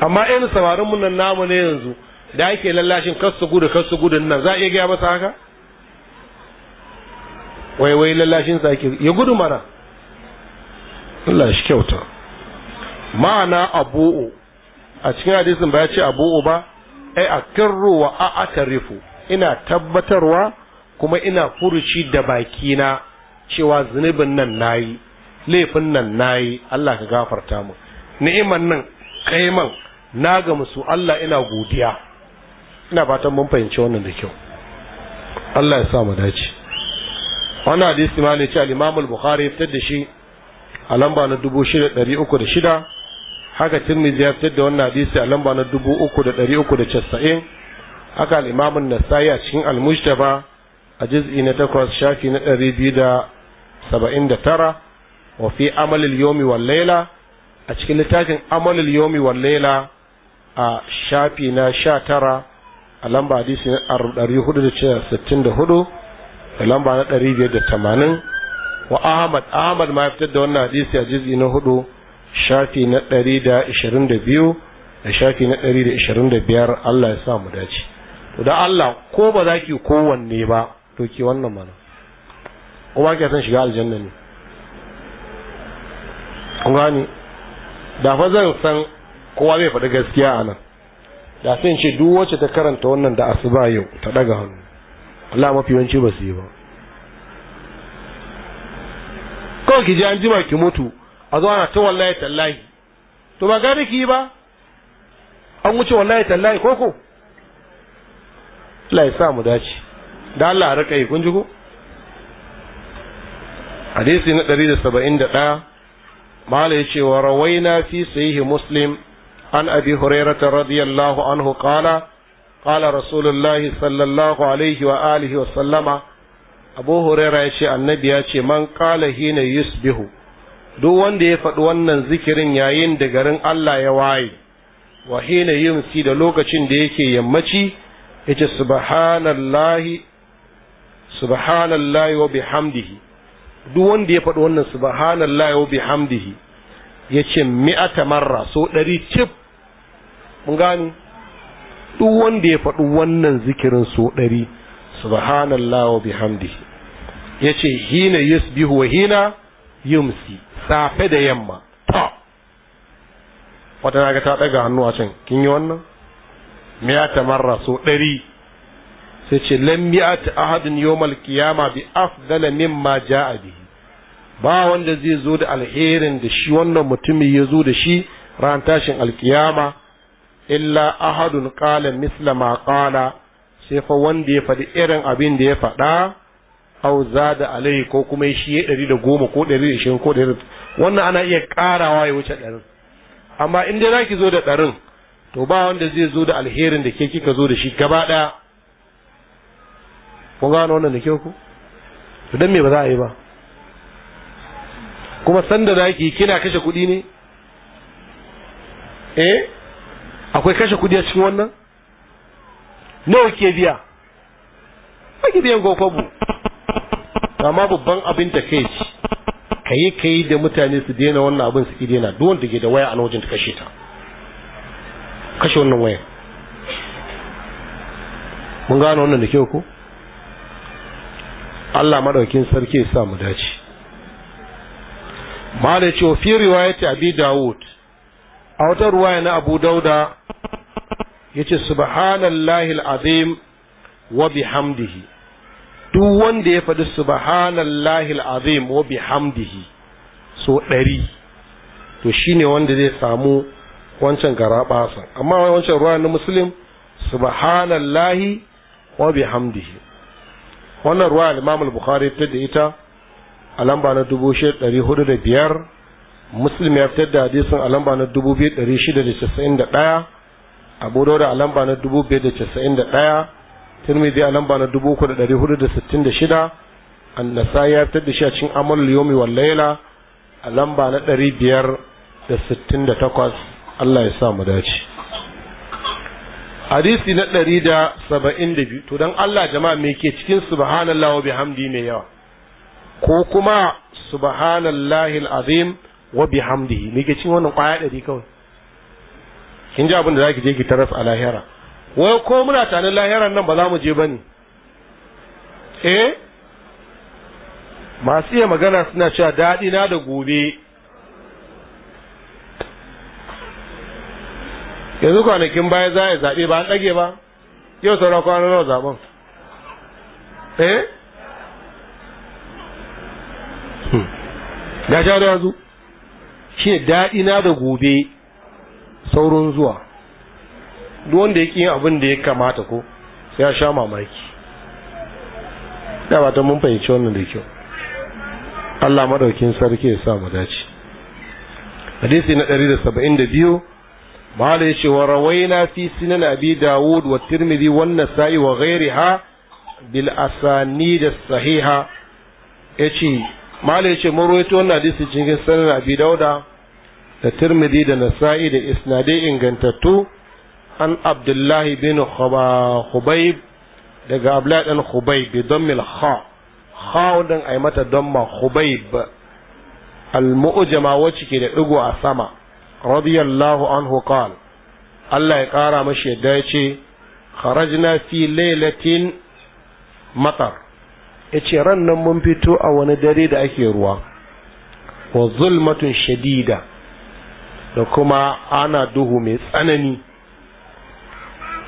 amma in sabarin mun nan namu ne yanzu da ake lallashin kasu gudu kasu gudun nan za a iya gaya masa haka wai wai lallashin sa ake ya gudu mana Allah shi kyauta ma'ana abu'u a cikin hadisin ba ya ce abu uba ai akirru wa a'tarifu ina tabbatarwa kuma ina furuci da bakina cewa zunubin nan nayi laifin nan nayi Allah ka gafarta mu ni'iman nan kaiman na ga musu Allah ina godiya ina fatan mun fahimci wannan da kyau Allah ya sa mu dace wannan hadisi ma ne ce al-Imam al-Bukhari ya fitar da shi a lamba na 6306 haka tirmidhi ya fitar da wannan hadisi a lamba na dubu uku da ɗari uku da casa'in haka al'imamun nasa'i a cikin almustaba a juz'i na takwas shafi na ɗari biyu da saba'in da tara wa fi amalil yomi wal laila a cikin littafin amalil yomi wal laila a shafi na sha tara a lamba hadisi na ɗari hudu da sittin da hudu da lamba na ɗari biyar da tamanin wa ahmad ahmad ma ya fitar da wannan hadisi a juz'i na hudu shafi na ɗari da ishirin da biyu da shafi na ɗari da ishirin da biyar Allah ya sa mu dace to da Allah ko ba za ki kowanne ba to ki wannan mana ko ba ki san shiga aljanna ne kun gani da fa zan san kowa zai faɗi gaskiya a nan da sai ce duk wacce ta karanta wannan da asuba yau ta ɗaga hannu Allah mafi yawanci ba su yi ba kawai ki ji an jima ki mutu a zo ana ta wallahi tallahi to ba gane ki ba an wuce wallahi tallahi ko Allah ya sa mu dace da Allah rika yi kun ji ko hadisi na 171 malai yace wa rawaina fi sahihi muslim an abi hurairata radiyallahu anhu qala qala rasulullahi sallallahu alaihi wa alihi wa sallama abu ya yace annabi yace man qala hina yusbihu duk wanda ya faɗi wannan zikirin yayin da garin Allah ya waye wa hina yumsi da lokacin da yake yammaci yace subhanallahi subhanallahi wa bihamdihi duk wanda ya faɗi wannan subhanallahi wa bihamdihi yace mi'ata marra so ɗari cif mun gani duk wanda ya faɗi wannan zikirin so ɗari subhanallahi wa bihamdihi yace hina yusbihu wa hina yumsi safe da yamma to wata na ga ta ɗaga hannu a can kin yi wannan miya ta marra so ɗari sai ce lam mi'ati ahadin yawmal qiyama bi afdala mimma ja'a bihi ba wanda zai zo da alherin da shi wannan mutumin ya zo da shi ran tashin alkiyama illa ahadun qala misla ma qala sai fa wanda ya faɗi irin abin da ya faɗa au zada alai ko kuma shi ya ɗari da goma ko ɗari da ishirin ko ɗari wannan ana iya ƙarawa ya wuce ɗarin amma in dai zaki zo da ɗarin to ba wanda zai zo da alherin da ke kika zo da shi gaba ɗaya kun gano wannan da kyau ku to dan me ba za a yi ba kuma sanda zaki kina kashe kuɗi ne eh akwai kashe kuɗi a cikin wannan nawa ke biya ake biyan gokobu Kama babban abin da kai ci kayi kayi da mutane su daina wannan abin su daina duk wanda ke da waya a wajen ta kashe ta kashe wannan waya mun gano wannan da kyau ko Allah madaukin sarki ya sa mu dace malai ce fi ta abi dawud a wata ruwaya na abu dauda yace subhanallahi alazim wa bihamdihi duk wanda ya faɗi subhanallahi al'azim wa bihamdihi so ɗari to shine wanda zai samu wancan garaɓasa amma wancan ruwa na muslim subhanallahi wa bihamdihi wannan ruwa al al-bukhari ta da ita a lamba na dubu ɗari hudu da biyar muslim ya fitar da hadisin a lamba na dubu biyu ɗari shida da casa'in da ɗaya abu da a lamba na dubu biyu da casa'in da ɗaya tirmidhi a lamba na 3466 annasa ya fitar da shi a cikin amalul yomi wal laila a lamba na 568 Allah ya sa mu dace hadisi na 172 to dan Allah jama'a me ke cikin subhanallahi wa bihamdi mai yawa ko kuma subhanallahi alazim wa bihamdihi me ke cikin wannan kwaya dari kawai kin ji abin da zaki je ki taras a lahira wai ko muna tanin lahiran nan ba za mu je ba ne eh masu iya magana suna cewa daɗi na da gobe yanzu kwanakin baya za a zaɓe ba an ɗage ba yau sauran kwanan nawa zaɓen eh hmm. ga da yanzu shi daɗi na da gobe sauran zuwa duk wanda ya yin abin da ya kamata ko sai ya sha mamaki da ba ta mun fahimci wannan da kyau Allah madaukin sarki ya sa mu dace hadisi na 172 malai ce wa rawaina fi sunan abi daud wa tirmidhi wa nasa'i wa ghayriha bil asanid sahiha yace malai ce mun rawaito wannan hadisi cikin sunan abi dauda da tirmidhi da nasa'i da isnadai ingantattu an abdullahi bin khubayb daga abdullahi dan khubayb bi dammil kha kha din ai mata damma khubayb al mu'jama wacce ke da digo a sama radiyallahu anhu qal Allah ya kara mashi yadda ya ce kharajna fi lailatin matar ya rannan mun fito a wani dare da ake ruwa wa zulmatun shadida da kuma ana duhu mai tsanani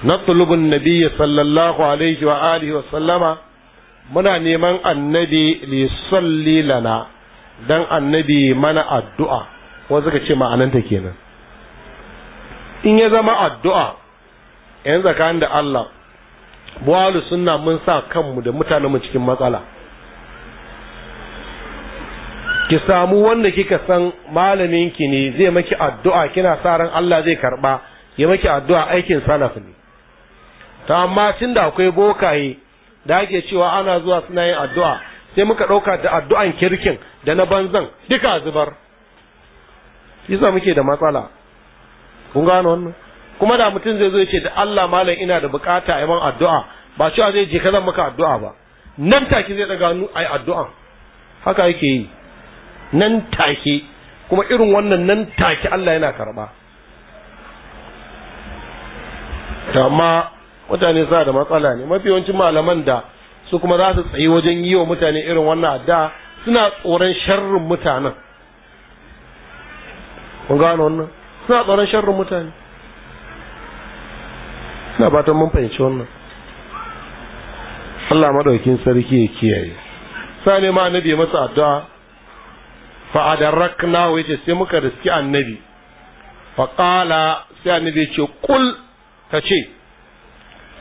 نطلب النبي صلى الله عليه وآله وسلم muna neman annabi li salli lana dan annabi mana addu'a wanda suka ce ma'ananta kenan in ya zama addu'a yan tsakanin da Allah buwalu sunna mun sa kanmu da mutanenmu cikin matsala ki samu wanda kika san malaminki ne zai maki addu'a kina sa ran Allah zai karɓa ya maki addu'a aikin salaf ne ta amma tun da akwai bokaye da ake cewa ana zuwa suna yin addu'a sai muka ɗauka da addu'an kirkin da na banzan duka zubar isa muke da matsala kun gano wannan kuma da mutum zai zo ce da Allah malam ina da bukata a man addu'a ba cewa zai je kazan maka addu'a ba nan take zai daga nu ai addu'a haka yake yi nan take kuma irin wannan nan take Allah yana karba amma mutane suna da matsala ne mafi yawancin malaman da su kuma za su tsayi wajen yi wa mutane irin wannan adda suna tsoron sharrin mutanen kun gano wannan suna tsoron sharrin mutane suna batan mun fahimci wannan Allah madaukin sarki ya kiyaye sa ne ma annabi masa addu'a fa adarakna wa yace sai muka riski annabi fa qala sai annabi ce kul ka ce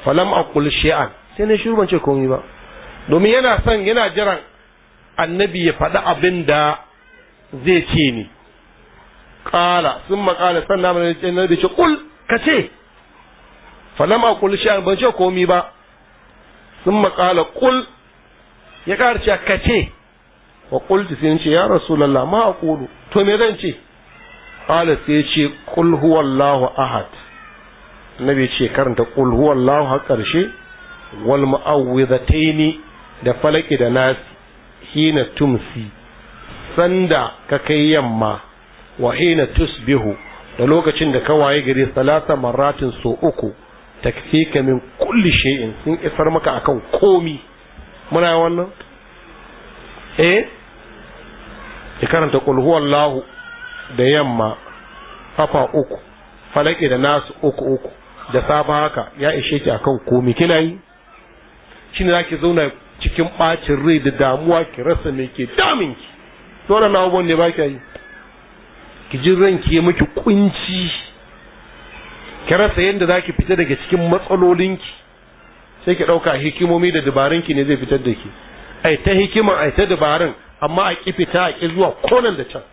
falam aqul shay'an sai ne shiru ban ce komai ba domin yana son yana jiran annabi ya faɗi abin da zai ce ni sun maƙala san sannan da ce ka kace falam aqul shay'an ban ce komai ba Sun maƙala ƙul ya ƙara kace wa qultu sai ce ya rasulallah ma aqulu to me zan ce qala sai ce qul huwallahu ahad nabi ce karanta qul huwallahu har karshe wal mu'awwidhataini da falaki da nas hina tumsi sanda ka kai yamma wa hina tusbihu da lokacin da ka waye gari salasa maratin so uku takfika min kulli shay'in sun isar maka akan komi muna wannan eh ki karanta qul huwallahu da yamma kafa uku falaki da nasu uku uku da safa haka ya ishe ki akan komi kina yi shine zaki zauna cikin bacin rai da damuwa ki rasa me ke damin ki sauran abubuwan ne ba ki yi ki ji ranki ya miki kunci ki rasa yadda za ki fita daga cikin matsalolinki sai ki ɗauka hikimomi da dabarunki ne zai fitar da ki ai ta hikima ai ta dabarun amma a ki fita a ki zuwa konan da can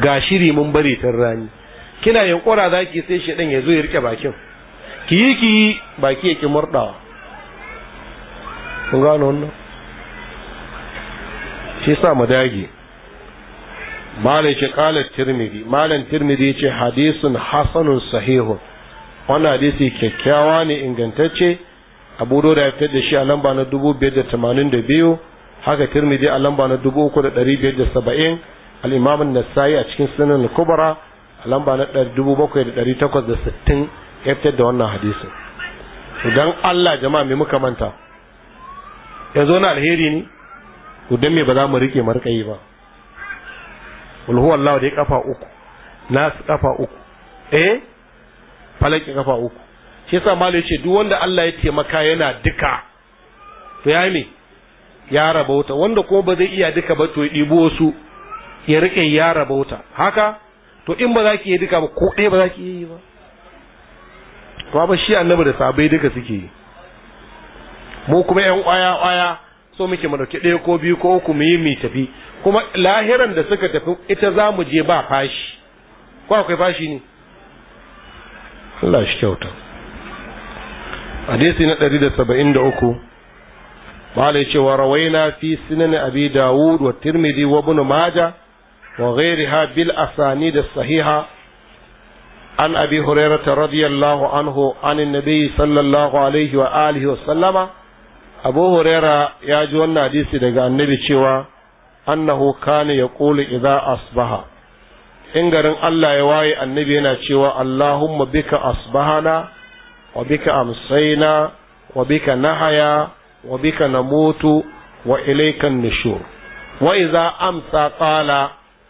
ga shiri mun bari tun rani kina yunkura ki sai shedan ya zo ya rike bakin ki yi ki yi baki ya ki murdawa kun gano wannan shi sa mu dage malam ce kala tirmidhi malam tirmidhi ce hadisun hasanun sahihun wannan hadisi kyakkyawa ne ingantacce abu da ya fitar da shi a lamba na dubu biyar da tamanin da biyu haka tirmidhi a lamba na dubu uku da ɗari biyar da saba'in al'imamin nasa'i a cikin sunan kubra lamba na 7860 ya fitar da wannan hadisin idan Allah jama'a me muka manta yanzu na alheri ne ku dan me ba za mu rike mu rika yi ba wal huwa Allah da kafa uku nas kafa uku eh falaki kafa uku shi yasa malai ce duk wanda Allah ya taimaka yana duka to ya me ya rabauta wanda ko ba zai iya duka ba to ya dibo wasu ya rike ya rabauta haka to in ba za ki yi duka ba ko ɗaya ba za ki yi ba to ba shi annabi da sabai duka suke yi mu kuma yan kwaya kwaya so muke mu dauki ɗaya ko biyu ko uku mu yi mu tafi kuma lahiran da suka tafi ita za mu je ba fashi ko akwai fashi ne Allah shi kyauta hadisi na 173 bala yace wa rawaina fi sunan abi dawud wa tirmidhi wa ibn majah وغيرها بالأسانيد الصحيحة عن أبي هريرة رضي الله عنه عن النبي صلى الله عليه وآله وسلم أبو هريرة يجو الناديس دقاء النبي شوى أنه كان يقول إذا أصبح إن قرن الله يواي النبي شوى اللهم بك أصبحنا وبك أمسينا وبك نحيا وبك نموت وإليك النشور وإذا أمسى قال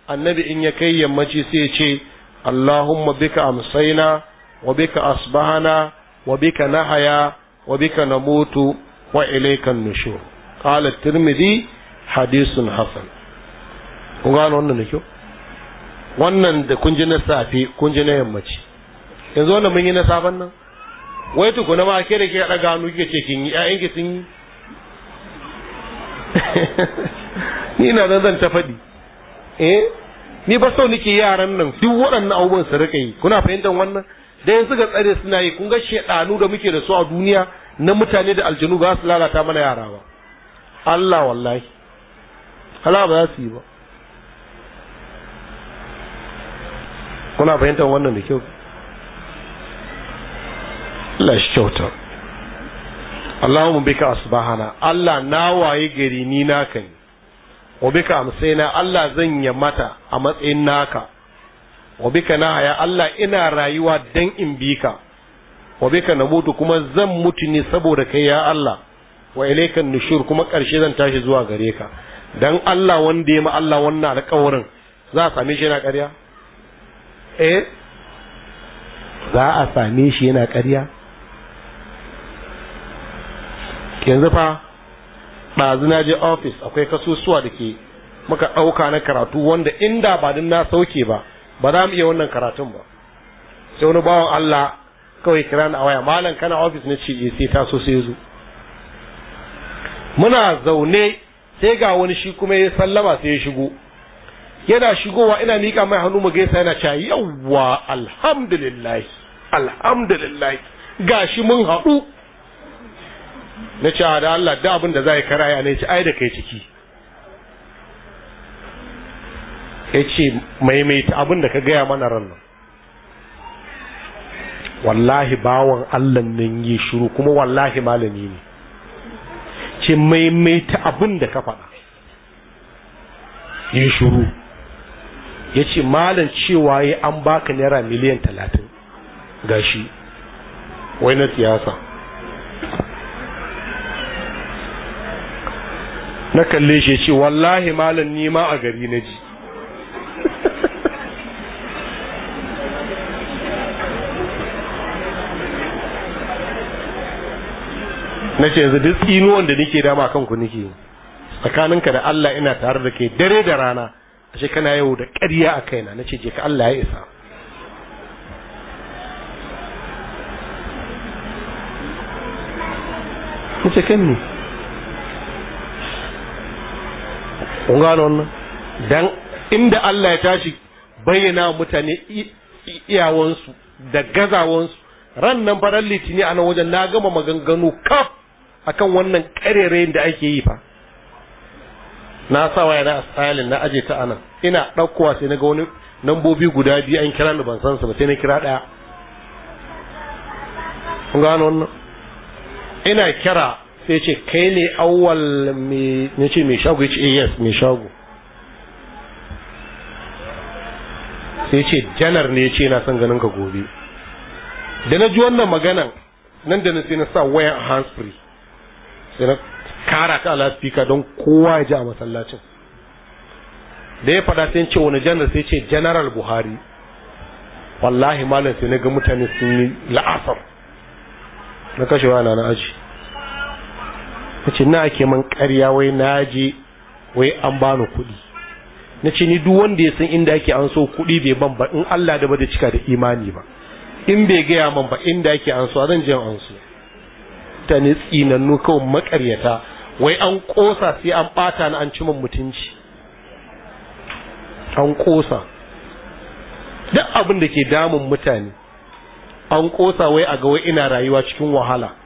annabi in ya kai yammaci sai ya ce allahumma bika amsaina wa bika asbahana wa bika nahaya wa bika namutu wa ilayka nushur qala tirmidhi hadithun hasan kun gano wannan ne kyau wannan da kun ji na safe kun ji na yammaci yanzu wannan mun yi na safan nan wai kuna ma ke da ke daga gano kike ce kin yi A ki sun yi ni na nan zan ta faɗi eh ni ba so nake yaran nan duk waɗannan abubuwan su rika yi kuna fahimtar wannan da yanzu ga tsare suna yi kun ga shedanu da muke da su a duniya na mutane da aljanu ba su lalata mana yara ba Allah wallahi Allah ba za su yi ba kuna fahimtar wannan da kyau Allah shi kyauta Allahumma bika asbahana Allah na waye gari ni na kai wa bika amsaina Allah zan ya mata a matsayin naka wa bika haya Allah ina rayuwa dan in bi ka wa bika mutu kuma zan mutu ne saboda kai ya Allah wa ilaikan nushur kuma karshe zan tashi zuwa gare ka dan Allah wanda ya ma Allah wannan alƙawarin za a same shi yana ƙarya eh za a same shi yana ƙarya yanzu fa ɗazu na je ofis akwai kasusuwa da ke muka ɗauka na karatu wanda inda ba din na sauke ba ba za mu iya wannan karatun ba sai wani bawan Allah kawai kira na waya malam kana ofis na ce eh, sai ta so sai zo muna zaune sai ga wani shi kuma ya sallama sai ya shigo yana shigowa ina miƙa mai hannu mu gaisa yana cewa yawwa alhamdulillah alhamdulillah gashi mun haɗu na ce hada Allah da abin da za a yi kara ne ce ai da kai ciki ya ce maimaita abin da ka gaya mana ran nan wallahi bawan Allah nan yi shiru kuma wallahi malami ne ce maimaita abin da ka faɗa yi shiru ya ce malam cewa yi an baka naira miliyan talatin gashi wai na siyasa na kalle shi ce wallahi malam ni ma a gari na ji na ce yanzu duk inuwan da nake dama kan ku Tsakanin tsakaninka da Allah ina tare da kai dare da rana a kana yau da ƙarya a kaina na ce je ka Allah ya isa na ce kan ne kun gano wannan dan inda Allah ya tashi bayyana mutane iyawansu da gazawansu ran nan faran litini a nan wajen na gama maganganu kaf akan wannan karerayin da ake yi fa na sa waya na asalin na aje ta anan ina ɗaukowa sai na ga wani nambobi guda biyu an kira ni ban san su ba sai na kira ɗaya kun gano wannan ina kira sai ce kai ne awwal ne ce mai shago ce eh, yes mai shago sai ce janar ne ya ce na son ganin ka gobe da na ji wannan maganan nan da na sai na sa wayan hands free sai na kara ta alaspika don kowa ya ji a masallacin da ya faɗa sai ce wani janar sai ce general buhari wallahi malam sai na ga mutane sun yi la'asar na kashewa na, na aji ta ce na ake man karya wai na je wai an bani kuɗi na ce ni duk wanda ya san inda ake an so kuɗi bai ban ba in Allah da ba da cika da imani ba in bai gaya man ba inda ake an so zan je an so ta ni tsinannu kawai makaryata wai an kosa sai an bata na an ci min mutunci an kosa duk abin da ke damun mutane an kosa wai a ga wai ina rayuwa cikin wahala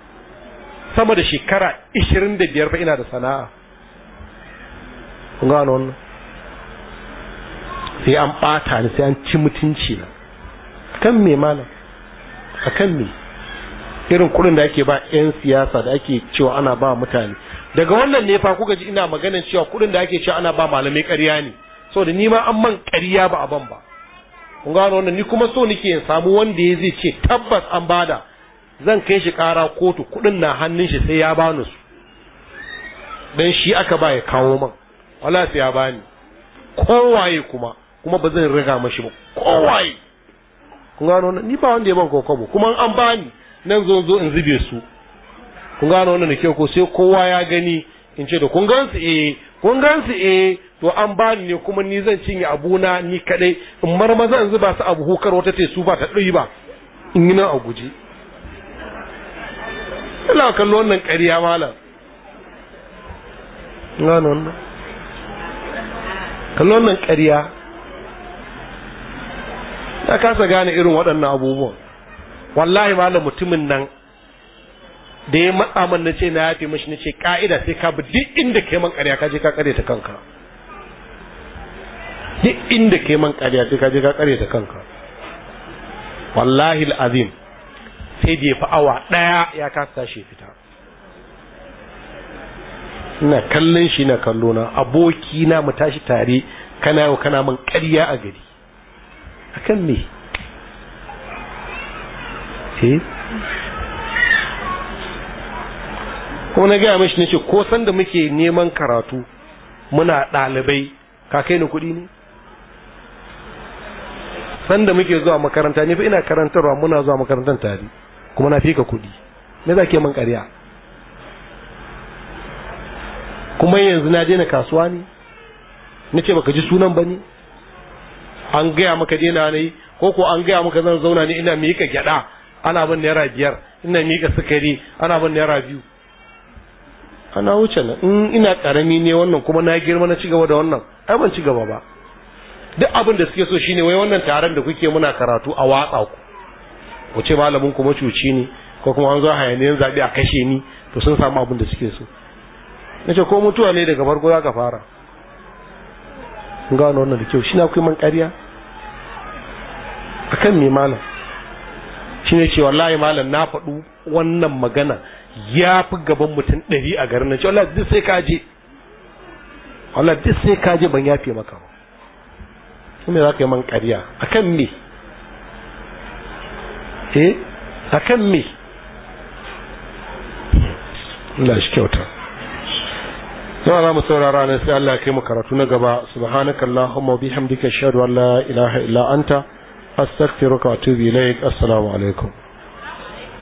sama da shekara 25 fa ina da sana'a kun gano wannan sai an bata ni sai an ci mutunci na kan me malam kan me irin kuɗin da ake ba 'yan siyasa da ake cewa ana ba mutane daga wannan ne fa kuka ji ina maganin cewa kuɗin da ake cewa ana ba malamai ƙarya ne saboda ni ma an man ƙarya ba a ban ba kun gano wannan ni kuma so nike in samu wanda ya zai ce tabbas an bada zan kai shi ƙara kotu kuɗin na hannun shi sai ya bani su dan shi aka ba ya kawo man wala sai ya bani kowaye kuma kuma ba zan riga mashi ba kowaye kun gano ni ba wanda ya ban kokobo kuma an bani nan zo zo in zube su kun gano wannan da ke ko sai kowa ya gani in ce da kun gansu eh kun gansu eh to an bani ne kuma ni zan cinye abuna ni kadai in marmaza in zuba su abu hukar wata te su ba ta ɗoyi ba in yi nan a guje ila kallo wannan ƙarya malam gano wannan kallo wannan ƙarya ta kasa gane irin waɗannan abubuwan wallahi malam mutumin nan da ya matsa man na ce na yafe mashi na ce ka'ida sai ka bi duk inda kai man ƙarya ka je ka ƙare ta kanka duk inda kai man ƙarya sai ka je ka ƙare ta kanka wallahi al'azim sai da ya fi awa ɗaya ya kasa tashi fita ina kallon shi na kallo na aboki na mu tashi tare kana yau kana man ƙarya a gari akan me eh ko na gaya mashi nace ko san da muke neman karatu muna ɗalibai ka kai ni kuɗi ne san da muke zuwa makaranta ne fa ina karantarwa muna zuwa makarantar tare kuma na fika kuɗi me za ke man ƙarya kuma yanzu na daina kasuwa ne na ce baka ji sunan ba ne an gaya maka daina yi ko ko an gaya maka zan zauna ne ina miƙa gyaɗa ana bin naira biyar ina miƙa sukari ana bin naira biyu ana wuce na in ina karami ne wannan kuma na girma na cigaba da wannan ai ban cigaba ba duk abin da suke so shine wai wannan taron da kuke muna karatu a watsa ku ku ce malamin ku macuci ne ko kuma an zo yan zaɓe a kashe ni to sun samu abin da suke so na ce ko mutuwa ne daga farko za ka fara kun gano wannan da kyau shi na akwai man ƙarya akan me malam shi ne ce wallahi malam na faɗu wannan magana ya fi gaban mutum ɗari a garin nan ce wallahi duk sai ka je wallahi duk sai ka je ban yafe maka ba kuma za ka yi man ƙarya akan me eh kan me Allah shi kyauta zama za mu saurara nan sai Allah kai mu karatu na gaba subhanaka allahumma wa bihamdika ashhadu an la ilaha illa anta astaghfiruka wa atubu ilaik assalamu alaikum